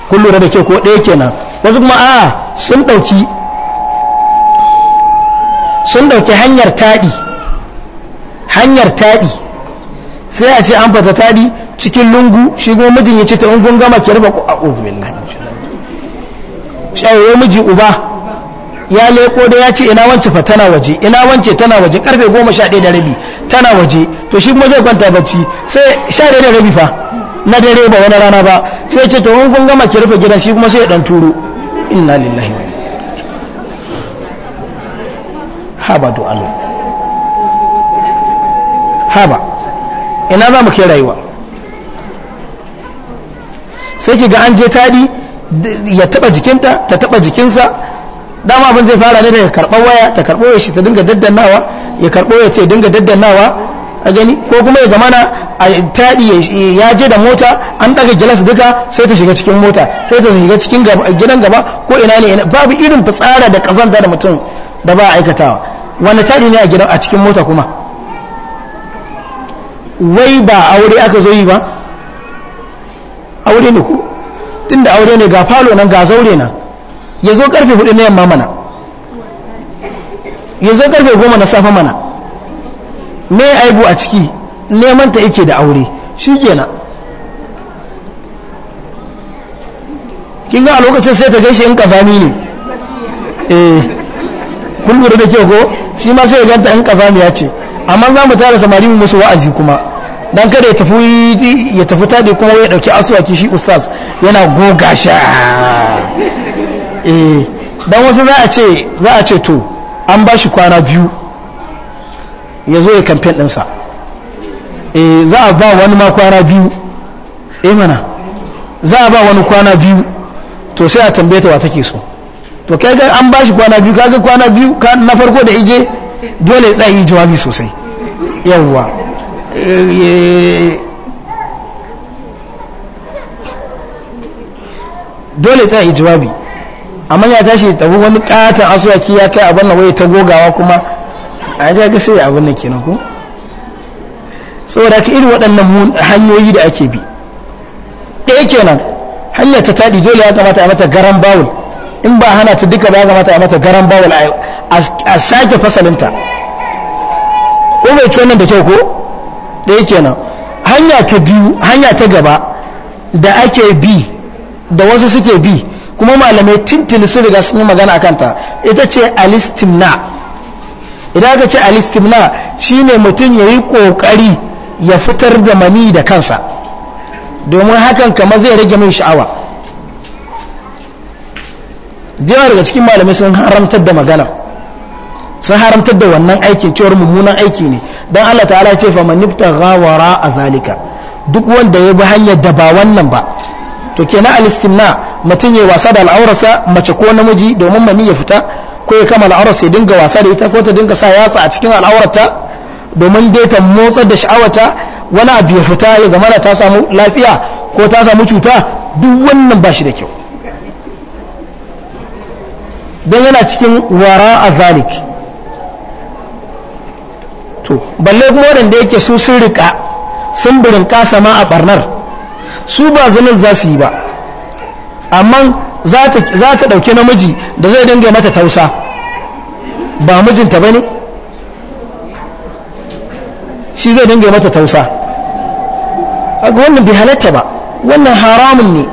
kun da ke ko ɗaya kenan wasu kuma a sun ɗauki sun dauki hanyar taɗi hanyar taɗi sai a ce an fata taɗi cikin lungu shi kuma mijin ya ce ta ungun gama ke rufe ku a uzu shawarar miji uba ya leko da ya ce ina wance fa tana waje ina wance tana waje karfe goma sha ɗaya da rabi tana waje to shi kuma zai kwanta bacci sai sha ɗaya da rabi fa na dare ba wani rana ba sai ce to kun gama ki rufe gidan shi kuma sai ya dan turo inna lillahi wa haba do Allah haba ina za mu kai rayuwa sai ki ga an je tadi ya taba jikinta ta taba jikinsa dama abin zai fara ne daga karɓar waya ta karɓo shi ta dinga daddannawa ya karɓo ya ce dinga daddannawa a gani ko kuma ya gamana a taɗi ya je da mota an ɗaga gilas duka sai ta shiga cikin mota ko ta shiga cikin gidan gaba ko ina ne babu irin fitsara da ƙazanta da mutum da ba a aikatawa wanda taɗi ne a gidan a cikin mota kuma wai ba aure aka zo yi ba aure ne ko tunda aure ne ga falo nan ga zaure na ya zo karfe hudu na yamma mana ya zo karfe goma na safe mana me aibu a ciki neman ta yake da aure shi kenan kin ga a lokacin sai ka gaishe in kazami ne eh kun lura da ke ko shi ma sai ya ganta in kazami ya ce amma za mu tara samari mu musu wa'azi kuma dan kada ya tafi ya tafi tadi kuma ya dauki asuwaki shi ustaz yana goga sha eh dan wasu za a ce za a ce to an bashi kwana biyu ya zo ya kamfen ɗinsa eh za a ba wani ma kwana biyu eh mana za a ba wani kwana biyu to sai a tambaye ta wa take so to kai ga an bashi kwana biyu kaga kwana biyu na farko da ije dole ya tsayi jawabi sosai yawwa dole ta yi jawabi amma ya tashi tabu wani katon asuwaki ya kai abin wai ta gogawa kuma a ga sai abin nan kenan ko saboda ka irin waɗannan hanyoyi da ake bi ɗaya kenan hanya ta taɗi dole ya kamata a mata garan bawul in ba hana ta duka ba ya kamata a mata garan bawul a sake fasalinta ko bai ci wannan da kyau ko ɗaya kenan hanya ta biyu hanya ta gaba da ake bi da wasu suke bi kuma malamai tintini sun riga sun yi magana akan ta ita ce alistimna idan aka ce alistimna shine mutum ya yi kokari ya fitar da mani da kansa domin hakan kama zai rage min sha'awa jewa daga cikin malamai sun haramtar da magana sun haramtar da wannan aikin cewar mummunan aiki ne don Allah ta'ala ce fa manifta gawara a zalika duk wanda ya bi hanyar da ba wannan ba to kenan alistimna mutum ya wasa da al'aurarsa mace ko namiji domin mani ya fita ko ya kama al'aurarsa ya dinga wasa da ita ko ta dinga sa yatsa a cikin al'aurarta domin dai ta motsa da sha'awata wani abu ya fita ya gama ta samu lafiya ko ta samu cuta duk wannan ba shi da kyau don yana cikin wara a zalik to balle kuma waɗanda yake su sun rika sun birin kasa ma a barnar su ba zunin za su yi ba amma za ta ɗauki namiji da zai dinga mata tausa ba mijinta ba ne shi zai dinga mata tausa wannan bai halatta ba wannan haramun ne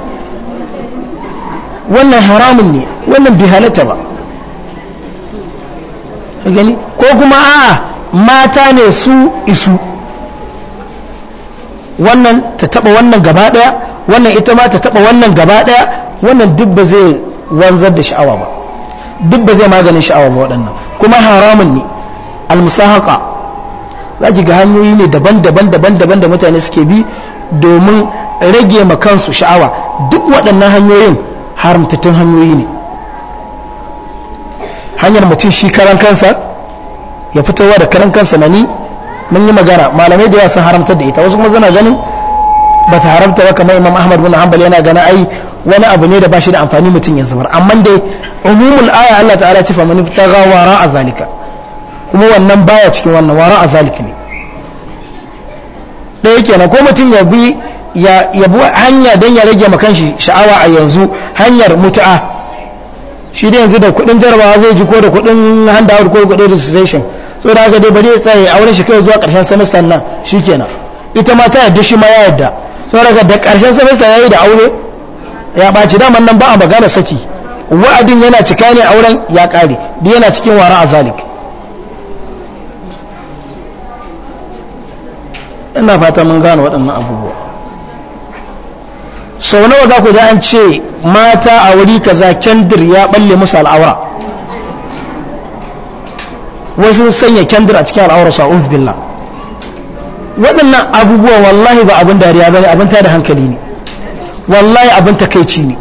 wannan haramun ne wannan bai halatta ba gani ko kuma a'a mata ne su isu wannan ta taba wannan gaba daya wannan ita ma ta taba wannan gaba daya wannan duk ba zai wanzar da sha'awa ba duk ba zai maganin sha'awa ba waɗannan kuma haramun ne almusahaka za ki ga hanyoyi ne daban-daban daban-daban da mutane suke bi domin rage ma kansu sha'awa duk waɗannan hanyoyin haramtattun hanyoyi ne hanyar mutum shi karan kansa ya fitowa da karin kansa ni mun yi magana malamai da yawa sun haramta da ita wasu kuma zana ganin ba ta haramta ba kamar imam ahmad bin hanbal yana gana ai wani abu ne da ba shi da amfani mutum ya zubar amma dai umumul aya Allah ta'ala ce fa man ibtagha wara a zalika kuma wannan baya cikin wannan wara a zalika ne Ɗaya yake ko mutum ya bi ya hanya don ya rage makan shi sha'awa a yanzu hanyar mutu'a shi da yanzu da kuɗin jarabawa zai ji ko da kuɗin handa out ko kudin registration so da haka dai bari ya tsaye a wurin shi kai zuwa karshen semester nan shi kenan ita ma ta yadda shi ma ya yadda so daga da ƙarshen semester yi da aure ya ɓaci daman nan ba a magana saki wa'adin yana cika ne auren ya ƙare duk yana cikin wara a zalik ina fata mun gane waɗannan abubuwa sau nawa za ku da an ce mata a wuri kaza kendir ya balle musu al'aura wasu sanya kendir a cikin al'aura su a billah waɗannan abubuwa wallahi ba abin dariya ba ne abin tada hankali ne wallahi abin takaici ne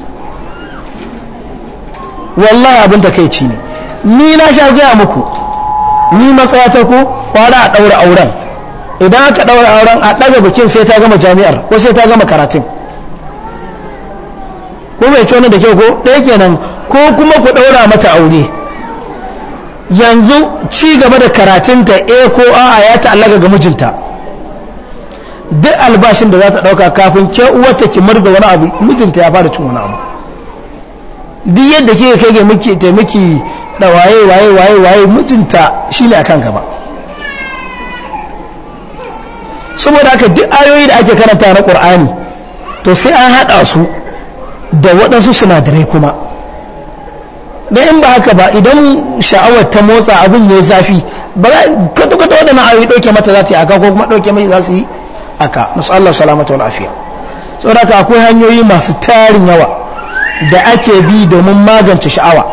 wallahi abin takaici ne ni na sha gaya muku ni matsaya ta ku kwara a ɗaura auren idan aka ɗaura auren a ɗaga bikin sai ta gama jami'ar ko sai ta gama karatun ko bai ci wani da kyau ko ɗaya kenan ko kuma ku ɗaura mata aure yanzu ci gaba da karatunta a ko a ya ta'allaka ga mijinta duk albashin da za ta ɗauka kafin ke uwarta ki marza wani abu mijinta ya fara cin wani abu duk yadda ke kai ga miki ta miki da waye waye waye waye mijinta shine akan gaba saboda haka duk ayoyi da ake karanta na Qur'ani to sai an haɗa su da waɗansu sinadarai kuma da in ba haka ba idan sha'awar ta motsa abin ya zafi ba za a kwata-kwata waɗannan ayoyi ɗauke mata za ta yi aka ko kuma ɗauke mai za su yi aka nasu Allah salamata wa lafiya saboda ka akwai hanyoyi masu tarin yawa da ake bi domin magance sha'awa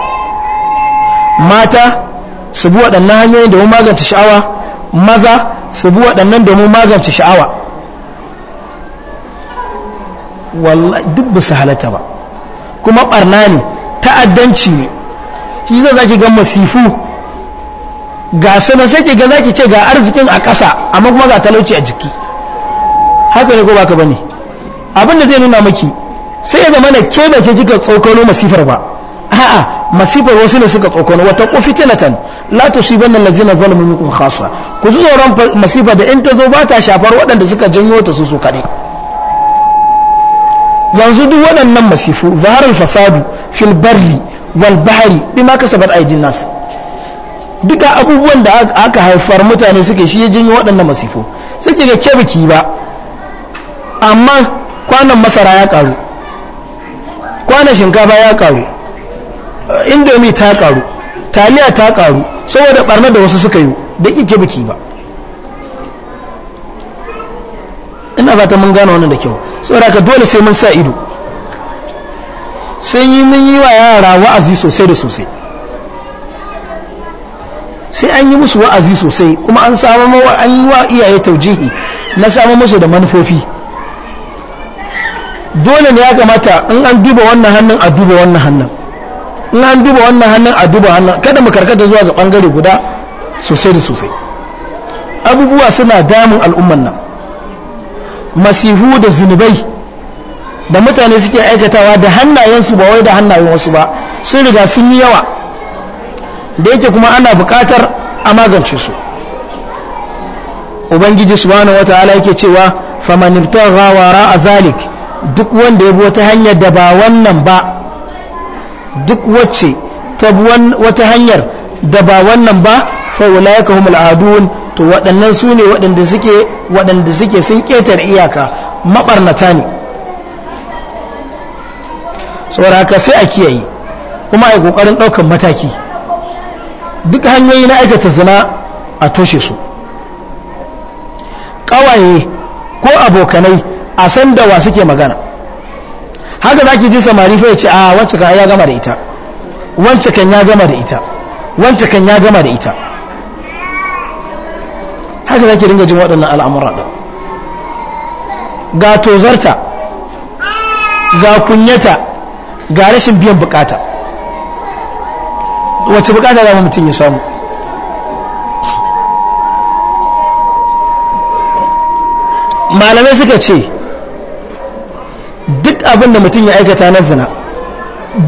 mata su bi waɗannan hanyoyin domin magance sha'awa maza su bi waɗannan domin magance sha'awa wallahi duk ba su halatta ba kuma barna ne ta'addanci ne shi zai zaki ga masifu ga sanar sai ga zaki ce ga arzikin a ƙasa amma kuma ga talauci a jiki haka ne ko baka bane abin da zai nuna maki sai ya zama na ke ba ke kika tsokano masifar ba a'a masifar wasu ne suka tsokano wata ko fitinatan la tusibanna allazina zalamu minkum khassa ku ran masifa da in ta zo ba ta shafar waɗanda suka janyo ta su su kaɗai yanzu duk waɗannan masifu zaharar fasadu fil barri wal bahari bima kasabat aydin nas duka abubuwan da aka haifar mutane suke shi ya janyo waɗannan masifu suke ga kebiki ba amma kwanan masara ya karu kwanan shinkafa ya karu indomi ta karu taliya ta karu saboda barna da wasu suka yi da ike biki ba ina fata mun gane wannan da kyau saboda ka dole sai mun sa ido sai yi mun yi wa yara wa'azi sosai da sosai sai an yi musu wa'azi sosai kuma an samu an yi wa iyaye taujihi na samu musu da manufofi dole ne ya kamata in an duba wannan hannun a duba wannan hannun in an duba wannan hannun a duba hannun kada mu karkata zuwa ga bangare guda sosai da sosai abubuwa suna damun al'umman nan masihu da zunubai da mutane suke aikatawa da hannayensu ba wai da hannayen wasu ba sun riga sun yi yawa da yake kuma ana bukatar a magance su ubangiji subhanahu ta'ala yake cewa faman rawara azalik zalik duk wanda ya bi wata hanyar da ba wannan ba duk wacce ta wata hanyar da ba wannan ba fa ya kahu mul'adun to waɗannan su ne waɗanda suke waɗanda suke sun ƙetare iyaka maɓarnata ne saboda haka sai a kiyaye kuma a yi ƙoƙarin ɗaukar mataki duk hanyoyi na aikata zina a toshe su ƙawaye ko abokanai a san da wa suke magana haka za ki ji samari fa ce ah, a wancan kan ya gama da ita wancan kan ya gama da ita wancan kan ya gama da ita haka za ki jin waɗannan al'amura ɗin ga tozarta ga kunyata ga rashin biyan bukata wace bukata za mutum ya samu malamai suka ce duk abin da mutum ya aikata na zina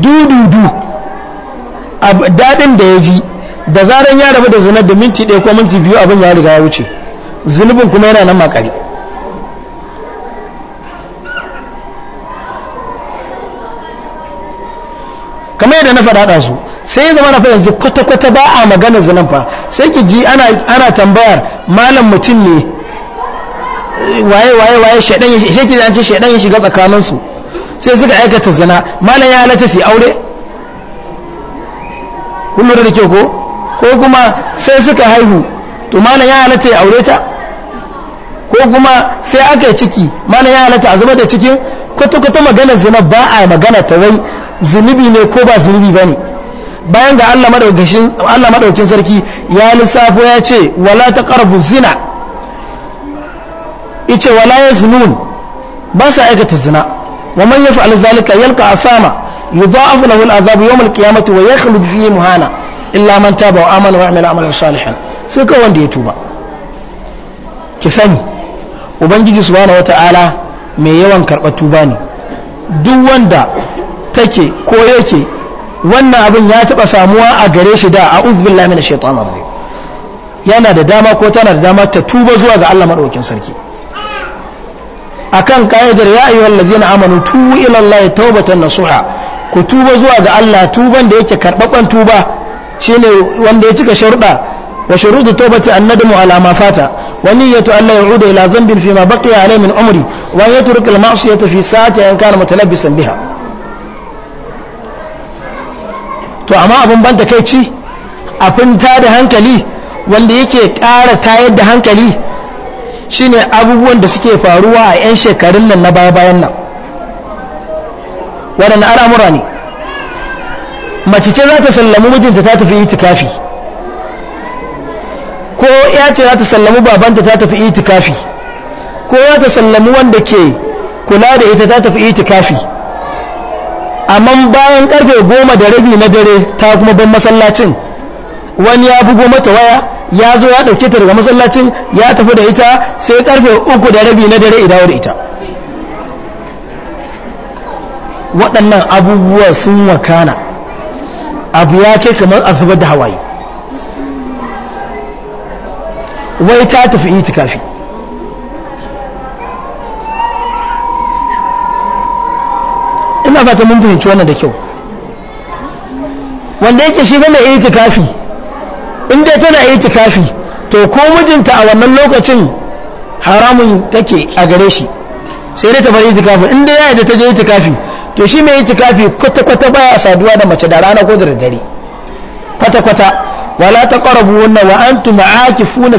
dududu daɗin da ya ji da zaran ya rabu da zinar da minti ɗaya ko minti biyu abin ya riga ya wuce zunubin kuma yana nan makare kamar yadda na faɗa su sai zama na yanzu kwata-kwata ba a magana zinan fa sai ki ji ana tambayar malam mutum ne waye waye waye shaɗan ya shi an ce shaɗan ya shiga tsakaninsu sai suka aikata zina malam ya halatta su aure kullum da ke ko ko kuma sai suka haihu to malam ya halatta ya aure ta ko kuma sai aka yi ciki malam ya halatta a zama da cikin kwata-kwata magana zina ba a magana ta wai zunubi ne ko ba zunubi ba ne bayan ga Allah madaukin sarki ya lissafo ya ce wala ta karbu zina ice wala ya zunun ba sa aikata zina wa man yafi alzalika yalka asama yudha'afu lahu al'azabu yawm wai qiyamati wa yakhlud fihi muhana illa man taba wa amana wa amila amalan salihan sai kawai wanda ya tuba ki sani ubangiji subhanahu wata'ala mai yawan karɓar tuba ne duk wanda take ko yake wannan abin ya taɓa samuwa a gare shi da a uzbin lamina shaitan arzi yana da dama ko tana da dama ta tuba zuwa ga allah maɗaukin sarki akan ka'idar ya ayyuhal ladzina amanu tubu ila allah tawbatan nasuha ku tuba zuwa ga allah tuban da yake karɓaɓɓen tuba shine wanda ya cika sharuɗa wa shuruɗu tawbati da ala ma fata wa niyyatu alla la yauda ila dhanbin fi ma baqiya alayhi min umri wa yatruku al ma'siyata fi sa'ati an kana mutalabbisan biha to amma abin ban takeici abin ta da hankali wanda yake ƙara tayar da hankali shine abubuwan da suke faruwa a 'yan shekarun nan na baya-bayan nan waɗanda al'amura ne mace ce za ta sallamu mijinta ta tafi itikafi ko ya ce za ta sallamu babanta ta tafi itikafi ko za ta sallamu wanda ke kula da ita ta tafi itikafi amma bayan karfe goma da rabi na dare ta kuma ban masallacin wani ya bugo mata waya ya zo ya dauke ta daga masallacin ya tafi da ita sai karfe uku da rabi na dare idawo da ita waɗannan abubuwa sun wakana abu ya ke kamar a zubar da hawaye wai ta tafi itikafi ina fata mun fahimci wannan da kyau wanda yake shi ba mai itikafi in dai tana itikafi to ko mijinta a wannan lokacin haramun take a gare shi sai dai ta bar itikafi in dai ya da ta je itikafi to shi mai itikafi kwata-kwata baya a saduwa da mace da rana ko da dare kwata-kwata wala ta ƙarabu wannan wa an tuma fil funa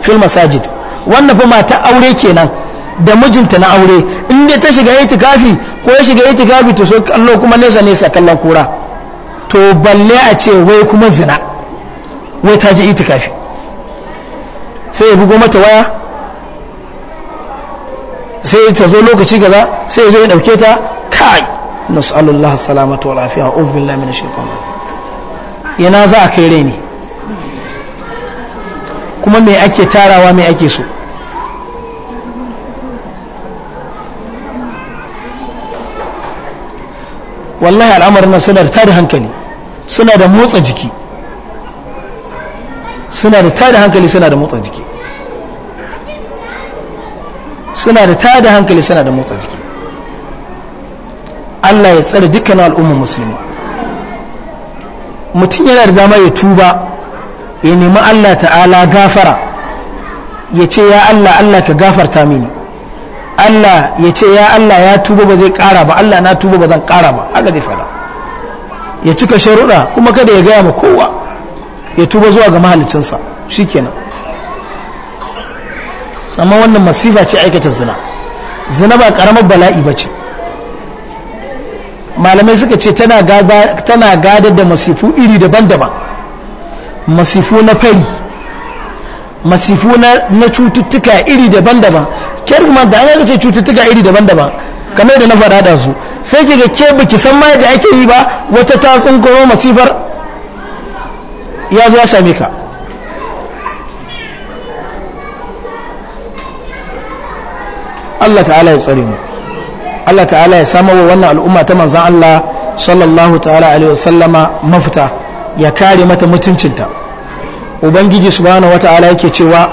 fil masajid wannan fa mata aure kenan da mijinta na aure in dai ta shiga itikafi ko ya shiga itikafi to so kallo kuma nesa nesa kallon kura to balle a ce wai kuma zina wai ta ji itikafi sai ya bugo mata waya sai ta zo lokaci gaza sai ya zo ya ɗauke ta kai salamatu yana za a kai rai kuma me ake tarawa me ake so wallahi al'amarin nan suna da tada hankali suna da motsa jiki suna da tada hankali suna da motsa jiki suna da tada hankali suna da motsa jiki Allah ya tsare dukkanin al'umma musulmi mutum yana da dama ya tuba ya nemi Allah ta'ala gafara ya ce ya Allah Allah ka gafarta mini Allah ya ce ya Allah ya tuba ba zai kara ba Allah na tuba ba zan kara ba haka zai fada ya cika sharuɗa kuma kada ya gaya ma kowa ya tuba zuwa ga mahalicinsa shikenan amma wannan masifa ce aikata zina zina ba karamar bala'i ba ce malamai suka ce tana gadar da masifu iri daban-daban masifu na fari masifu na cututtuka iri daban-daban kyar kuma da ana ce cututtuka iri daban-daban kamar da na fara da su sai ke ga ke baki san ma da ake yi ba wata ta tsunkuro masifar ya zo same ka Allah ta'ala ya tsare mu Allah ta'ala ya samar wa wannan al'umma ta manzan Allah sallallahu ta'ala alaihi wasallama mafita ya kare mata mutuncinta ubangiji subhanahu wata'ala yake cewa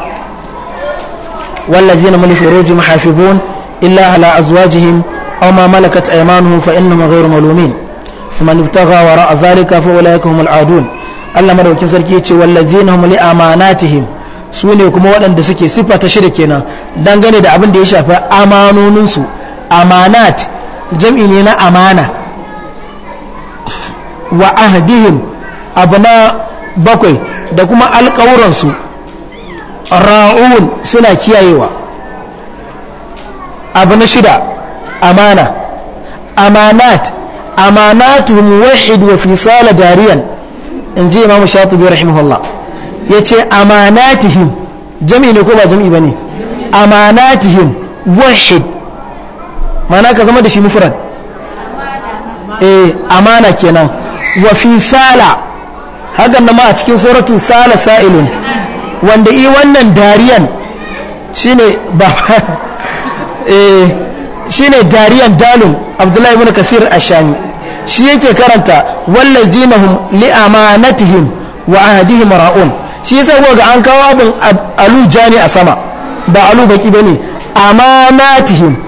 wallazina min furujihim hafizun illa ala azwajihim aw ma malakat aymanuhum fa innahum ghayru malumin man ibtagha wara'a dhalika fa ulaika humul al'adun Allah madaukin sarki ce wallazina hum li amanatihim su ne kuma waɗanda suke siffa ta shida kenan dangane da abin da ya shafi amanoninsu amanat jam'i ne na amana wa ahdihim abu na bakwai da kuma alƙawuransu ra'un suna kiyayewa abu na shida amana amanat amanatuhum wahid wa sala dariyan in ji imamu shatubi rahimahullah ya ce amanatihim jam'i ne ko ba jam'i ba ne amanatihim wahid mana ka zama da shi mufrad eh amana kenan wa fi sala hakan nan ma a cikin suratu sala sa'ilun wanda i wannan dariyan shine ba eh shine dariyan dalum abdullahi ibn kasir ashami shi yake karanta wallazinahum li amanatihim wa ahdihim ra'un shi yasa ga an kawo abun alu jani a sama ba alu baki bane amanatihim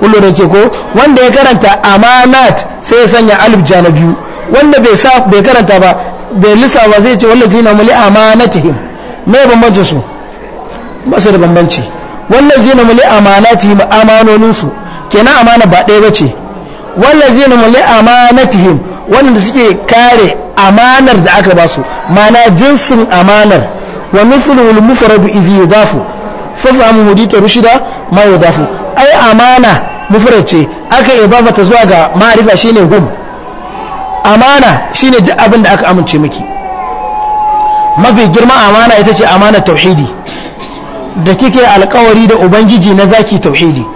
kullu da ke ko wanda ya karanta amanat sai ya sanya alif jana biyu wanda bai sa bai karanta ba bai lissa ba zai ce wallazi na muli amanatihim me bambancin su ba su da bambanci wallazi na muli amanatihim amanonin su kenan amana ba ɗaya bace wallazi na muli amanatihim wanda suke kare amanar da aka ba su mana jinsin amanar wa mithlu al-mufrad idhi yudafu fa fahimu hudita rushida ma yudafu ai amana mufrace aka yi zaba ta zuwa ga ma'arifa shine hum amana shine duk abin da aka amince miki mafi girma amana ita ce amana tauhidi da kike alkawari da ubangiji na zaki tauhidi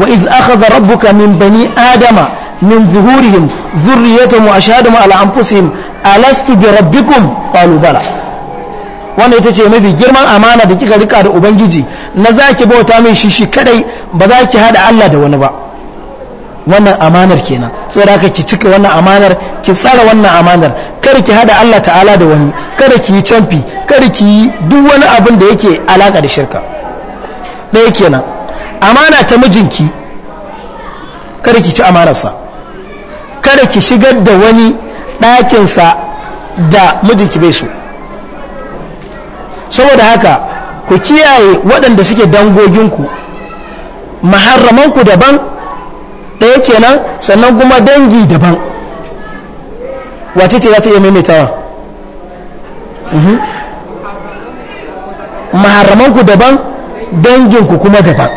wa iz akhadha rabbuka min bani adama min zuhurihim zurriyatuhum wa ashhadu ala anfusihim alastu bi rabbikum qalu bala wannan ita ce mafi girman amana da kika rika da ubangiji na za ki bauta min shi shi kadai ba za ki hada Allah da wani ba wannan amanar kenan da haka ki cika wannan amanar ki tsara wannan amanar kada ki hada Allah ta'ala da wani kada ki yi canfi kada ki yi duk wani abin da yake alaka da shirka ɗaya kenan amana ta mijinki kada ki ci amanarsa kada ki shigar da wani ɗakinsa da mijinki bai so saboda haka ku kiyaye waɗanda suke dangoginku maharramanku daban ɗaya kenan sannan kuma dangi daban wace ce za ta iya maimaitawa maharamanku mhm. daban danginku kuma daban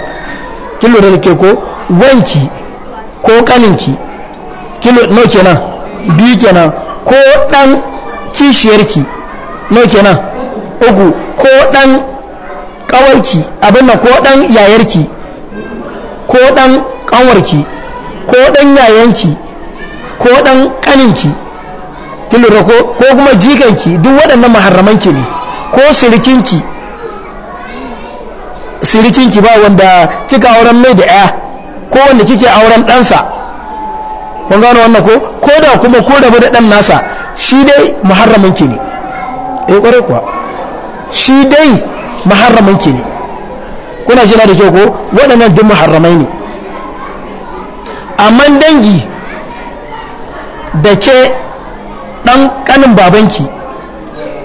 kilo da ke ko wanki ko kaninki kilo no kenan biyu kenan ko dan kishiyarki no kenan uku ko ɗan ƙawarki abin nan ko ɗan yayarki ko ɗan ƙanwarki ko ɗan yayanki ko ɗan ƙaninki kin ko kuma jikanki duk waɗannan maharramanki ne ko sirikinki sirikinki ba wanda kika auren mai da ya ko wanda kike auren ɗansa kun gano wannan ko ko da kuma ko da da ɗan nasa shi dai muharraminki ne eh ƙwarai kuwa shi dai maharramin ke ne kuna jina da kyau ko waɗannan duk maharramai ne amma dangi da ke ɗan ƙanin babanki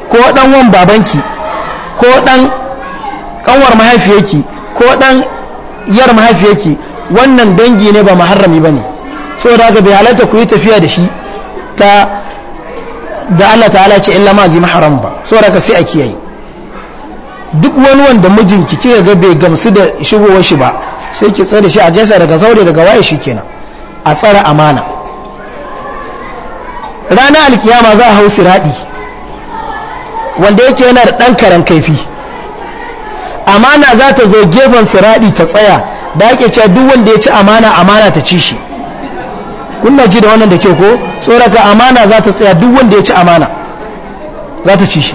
ko ɗan wan babanki ko ɗan ƙanwar mahaifiyarki ko ɗan yar mahaifiyarki wannan dangi ne ba maharrami ba ne da aka bai halatta ku yi tafiya da shi ta da Allah ta ce illa ma zai maharam ba da aka sai a kiyaye duk wani wanda mijinki kika ga bai gamsu da shigowar shi ba sai ki tsare shi a gaisa daga zaure daga waye shi kenan a tsara amana Rana alkiyama za a hau siradi wanda yake yana da ɗan karan kaifi amana za ta zo gefen siradi ta tsaya da ake cewa duk wanda ya ci amana amana ta ci shi kuna ji da wannan da ke ko tsoraka amana za ta tsaya duk wanda ya ci amana za ta ci shi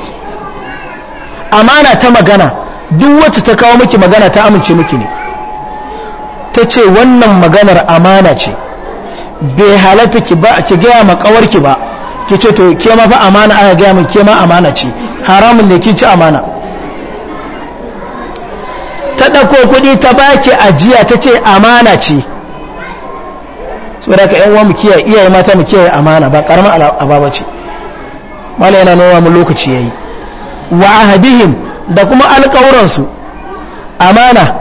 amana ta magana duk wacce ta kawo miki magana ta amince miki ne ta ce wannan maganar amana ce bai halatta ki ba ki gaya ma kawarki ba ki ce to ke ma fa amana aka gaya min ke ma amana ce haramun ne kin ci amana ta ɗauko kuɗi ta baki ajiya ta ce amana ce saboda ka yan uwa mu kiyaye iyaye mata mu kiyaye amana ba karamar ababa ce mala yana nuna mu lokaci yayi wa ahadihim da kuma alƙawuransu amana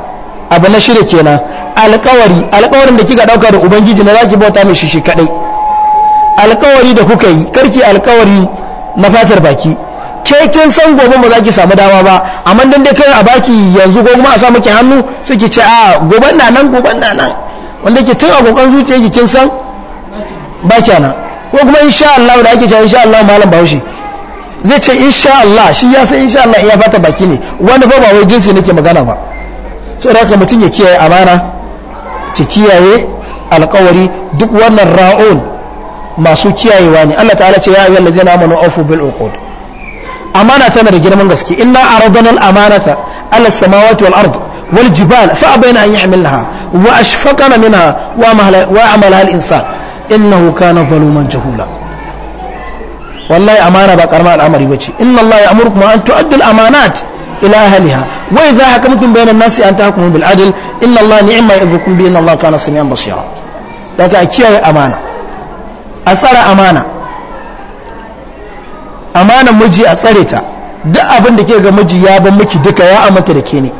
abu na shirya kenan alƙawari alƙawarin da kika ɗauka da ubangiji na zaki bauta mai shi kaɗai alƙawari da kuka yi karki alƙawari na fatar baki ke kin san gobe ba za ki samu dama ba amma dan dai kai a baki yanzu ko kuma a sa miki hannu suke ce a goban na nan goban na nan wanda ke tun a kokon zuciya kin san ba kyana ko kuma insha Allah da ake cewa insha Allah malam Bahaushe zai ce insha Allah shi ya san insha Allah ya fata baki ne wani ba ba wai jinsi nake magana ba so da haka mutum ya kiyaye amana ki kiyaye alkawari duk wannan ra'un masu kiyayewa ne Allah ta'ala ce ya ayyuhal ladzina amanu awfu bil uqud amana tana da girman gaske inna aradna al amanata ala samawati wal ard wal jibal fa abaina an yahmilnaha wa ashfaqna minha wa amalaha al insan innahu kana zaluman jahula wallahi amana ba karamar al'amari bace inna Allah ya'murukum an tu'addu amanat ila ahliha wa idha hakamtum bayna an-nasi an tahkumu bil adl inna Allah ni'ma ya'idhukum bi inna Allah kana samian basira daga kiyaye amana a tsara amana amanan miji a tsare ta duk abin da ke ga miji ya ban miki duka ya aminta da ke ne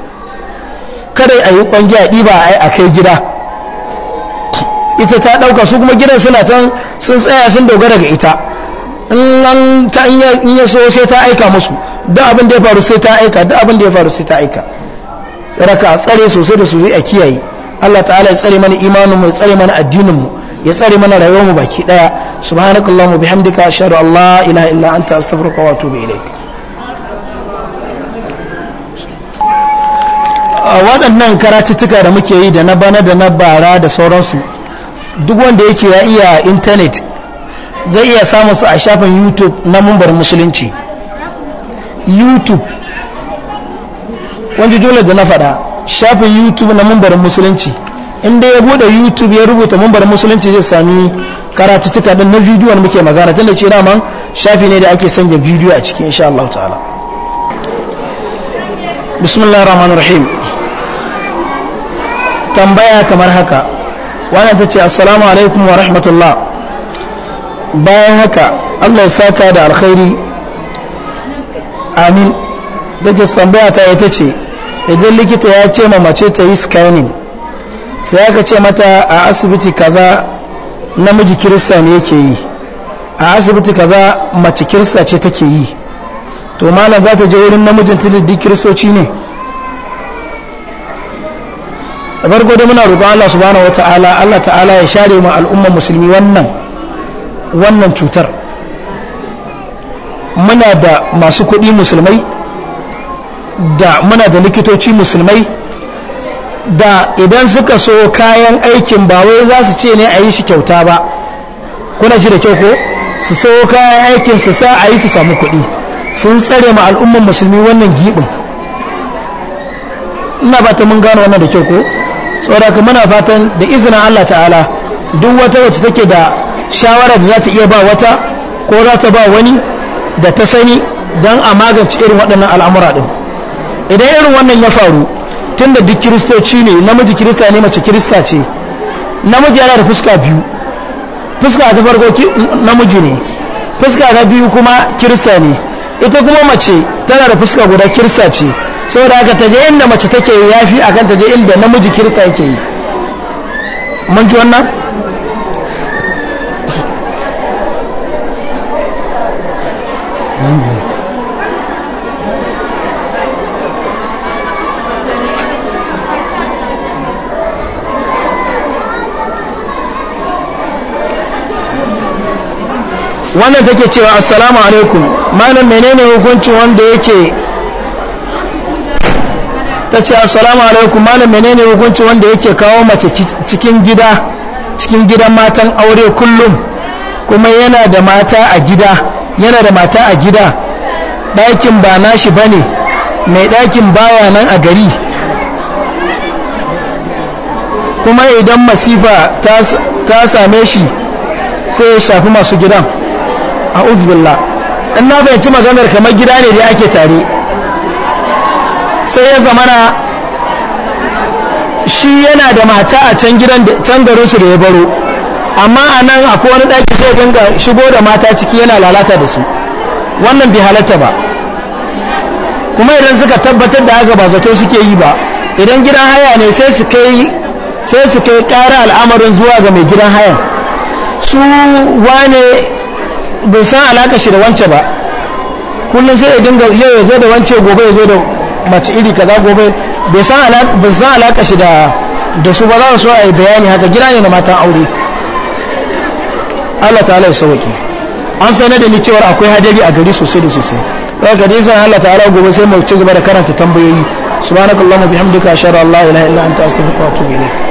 kada a yi kwangi a ɗiba a kai gida ita ta ɗauka su kuma gidan suna can sun tsaya sun dogara ga ita in ta in ya so sai ta aika musu da abin da ya faru sai ta aika da abin da ya faru sai ta aika raka tsare sosai da sosai a kiyaye Allah ta'ala ya tsare mana imanin mu ya tsare mana addinin mu ya tsare mana rayuwar mu baki daya subhanakallahumma bihamdika ashhadu an la ilaha illa anta astaghfiruka wa atubu ilaik waɗannan karatuttuka da muke yi da na bana da na bara da sauransu duk wanda yake ya iya intanet zai iya samun su a shafin youtube na mumbar musulunci youtube wanda jumlar da na faɗa shafin youtube na mumbar musulunci inda ya bude youtube ya rubuta mumbar musulunci zai sami tuka din na bidiyo muke magana tunda ce dama shafi ne da ake sanya bidiyo a cikin insha Allah ta'ala bismillahir raman rahim tambaya kamar haka wannan tace assalamu alaikum wa rahmatullah bayan haka allah ya saka da alkhairi amin da tambaya ta ita ce idan likita ya ce ma mace ta yi scanning sai aka ce mata a asibiti kaza namiji kirista ne yake yi a asibiti kaza mace kirista ce take yi to malam za ta je wurin namijin tilidi kiristoci ne da farko muna roƙon Allah subhanahu wa ta'ala Allah ta'ala ya share mu al'umma musulmi wannan wannan cutar muna da masu kuɗi musulmai da muna da likitoci musulmai da idan suka so kayan aikin ba wai za su ce ne a yi shi kyauta ba kuna ji da kyau ko su so kayan aikin su sa a yi su samu kuɗi sun tsare ma al'umman musulmi wannan giɓin ina ba mun gano wannan da kyau ko tsoraka muna fatan da izinin allah ta'ala duk wata wacce take da shawarar za ta iya ba wata ko za ta ba wani da ta sani don a magance irin waɗannan al'amura ɗin idan irin wannan ya faru tun da duk kiristoci ne namiji kirista ne mace kirista ce namiji yana da fuska biyu fuska ta farko namiji ne fuska ta biyu kuma kirista ne ita kuma mace tana da fuska guda kirista ce saboda haka ta je inda mace take yafi akan ta je inda namiji kirista yake yi mun ji wannan wannan take cewa assalamu alaikum malam menene hukuncin wanda yake ta ce assalamu alaikum malam menene hukuncin wanda yake kawo mace cikin gida cikin gidan matan aure kullum kuma yana da mata a gida yana da mata a gida ɗakin ba nashi ba ne mai ɗakin baya nan a gari kuma idan masifa ta same shi sai ya shafi masu gidan a uzbillah in na fahimci maganar kamar gida ne da ake tare sai ya zamana shi yana da mata a can gidan can da ya baro amma a nan akwai wani ɗaki sai ganga shigo da mata ciki yana lalata da su wannan bai halatta ba kuma idan suka tabbatar da haka ba zato suke yi ba idan gidan haya ne sai su kai ƙara al'amarin zuwa ga mai gidan haya su wane bai san alaka shi da wance ba kullum sai ya dinga yau ya zo da wance gobe ya zo da mace iri kaza gobe bai san alaka shi da su ba za su ai yi bayani haka gida ne na matan aure Allah ta'ala ya sauke an sanar da ni cewa akwai hadari a gari sosai da sosai daga gari san Allah ta'ala gobe sai mu ci gaba da karanta tambayoyi subhanakallahumma bihamdika ashhadu an la ilaha illa anta astaghfiruka wa atubu ilayk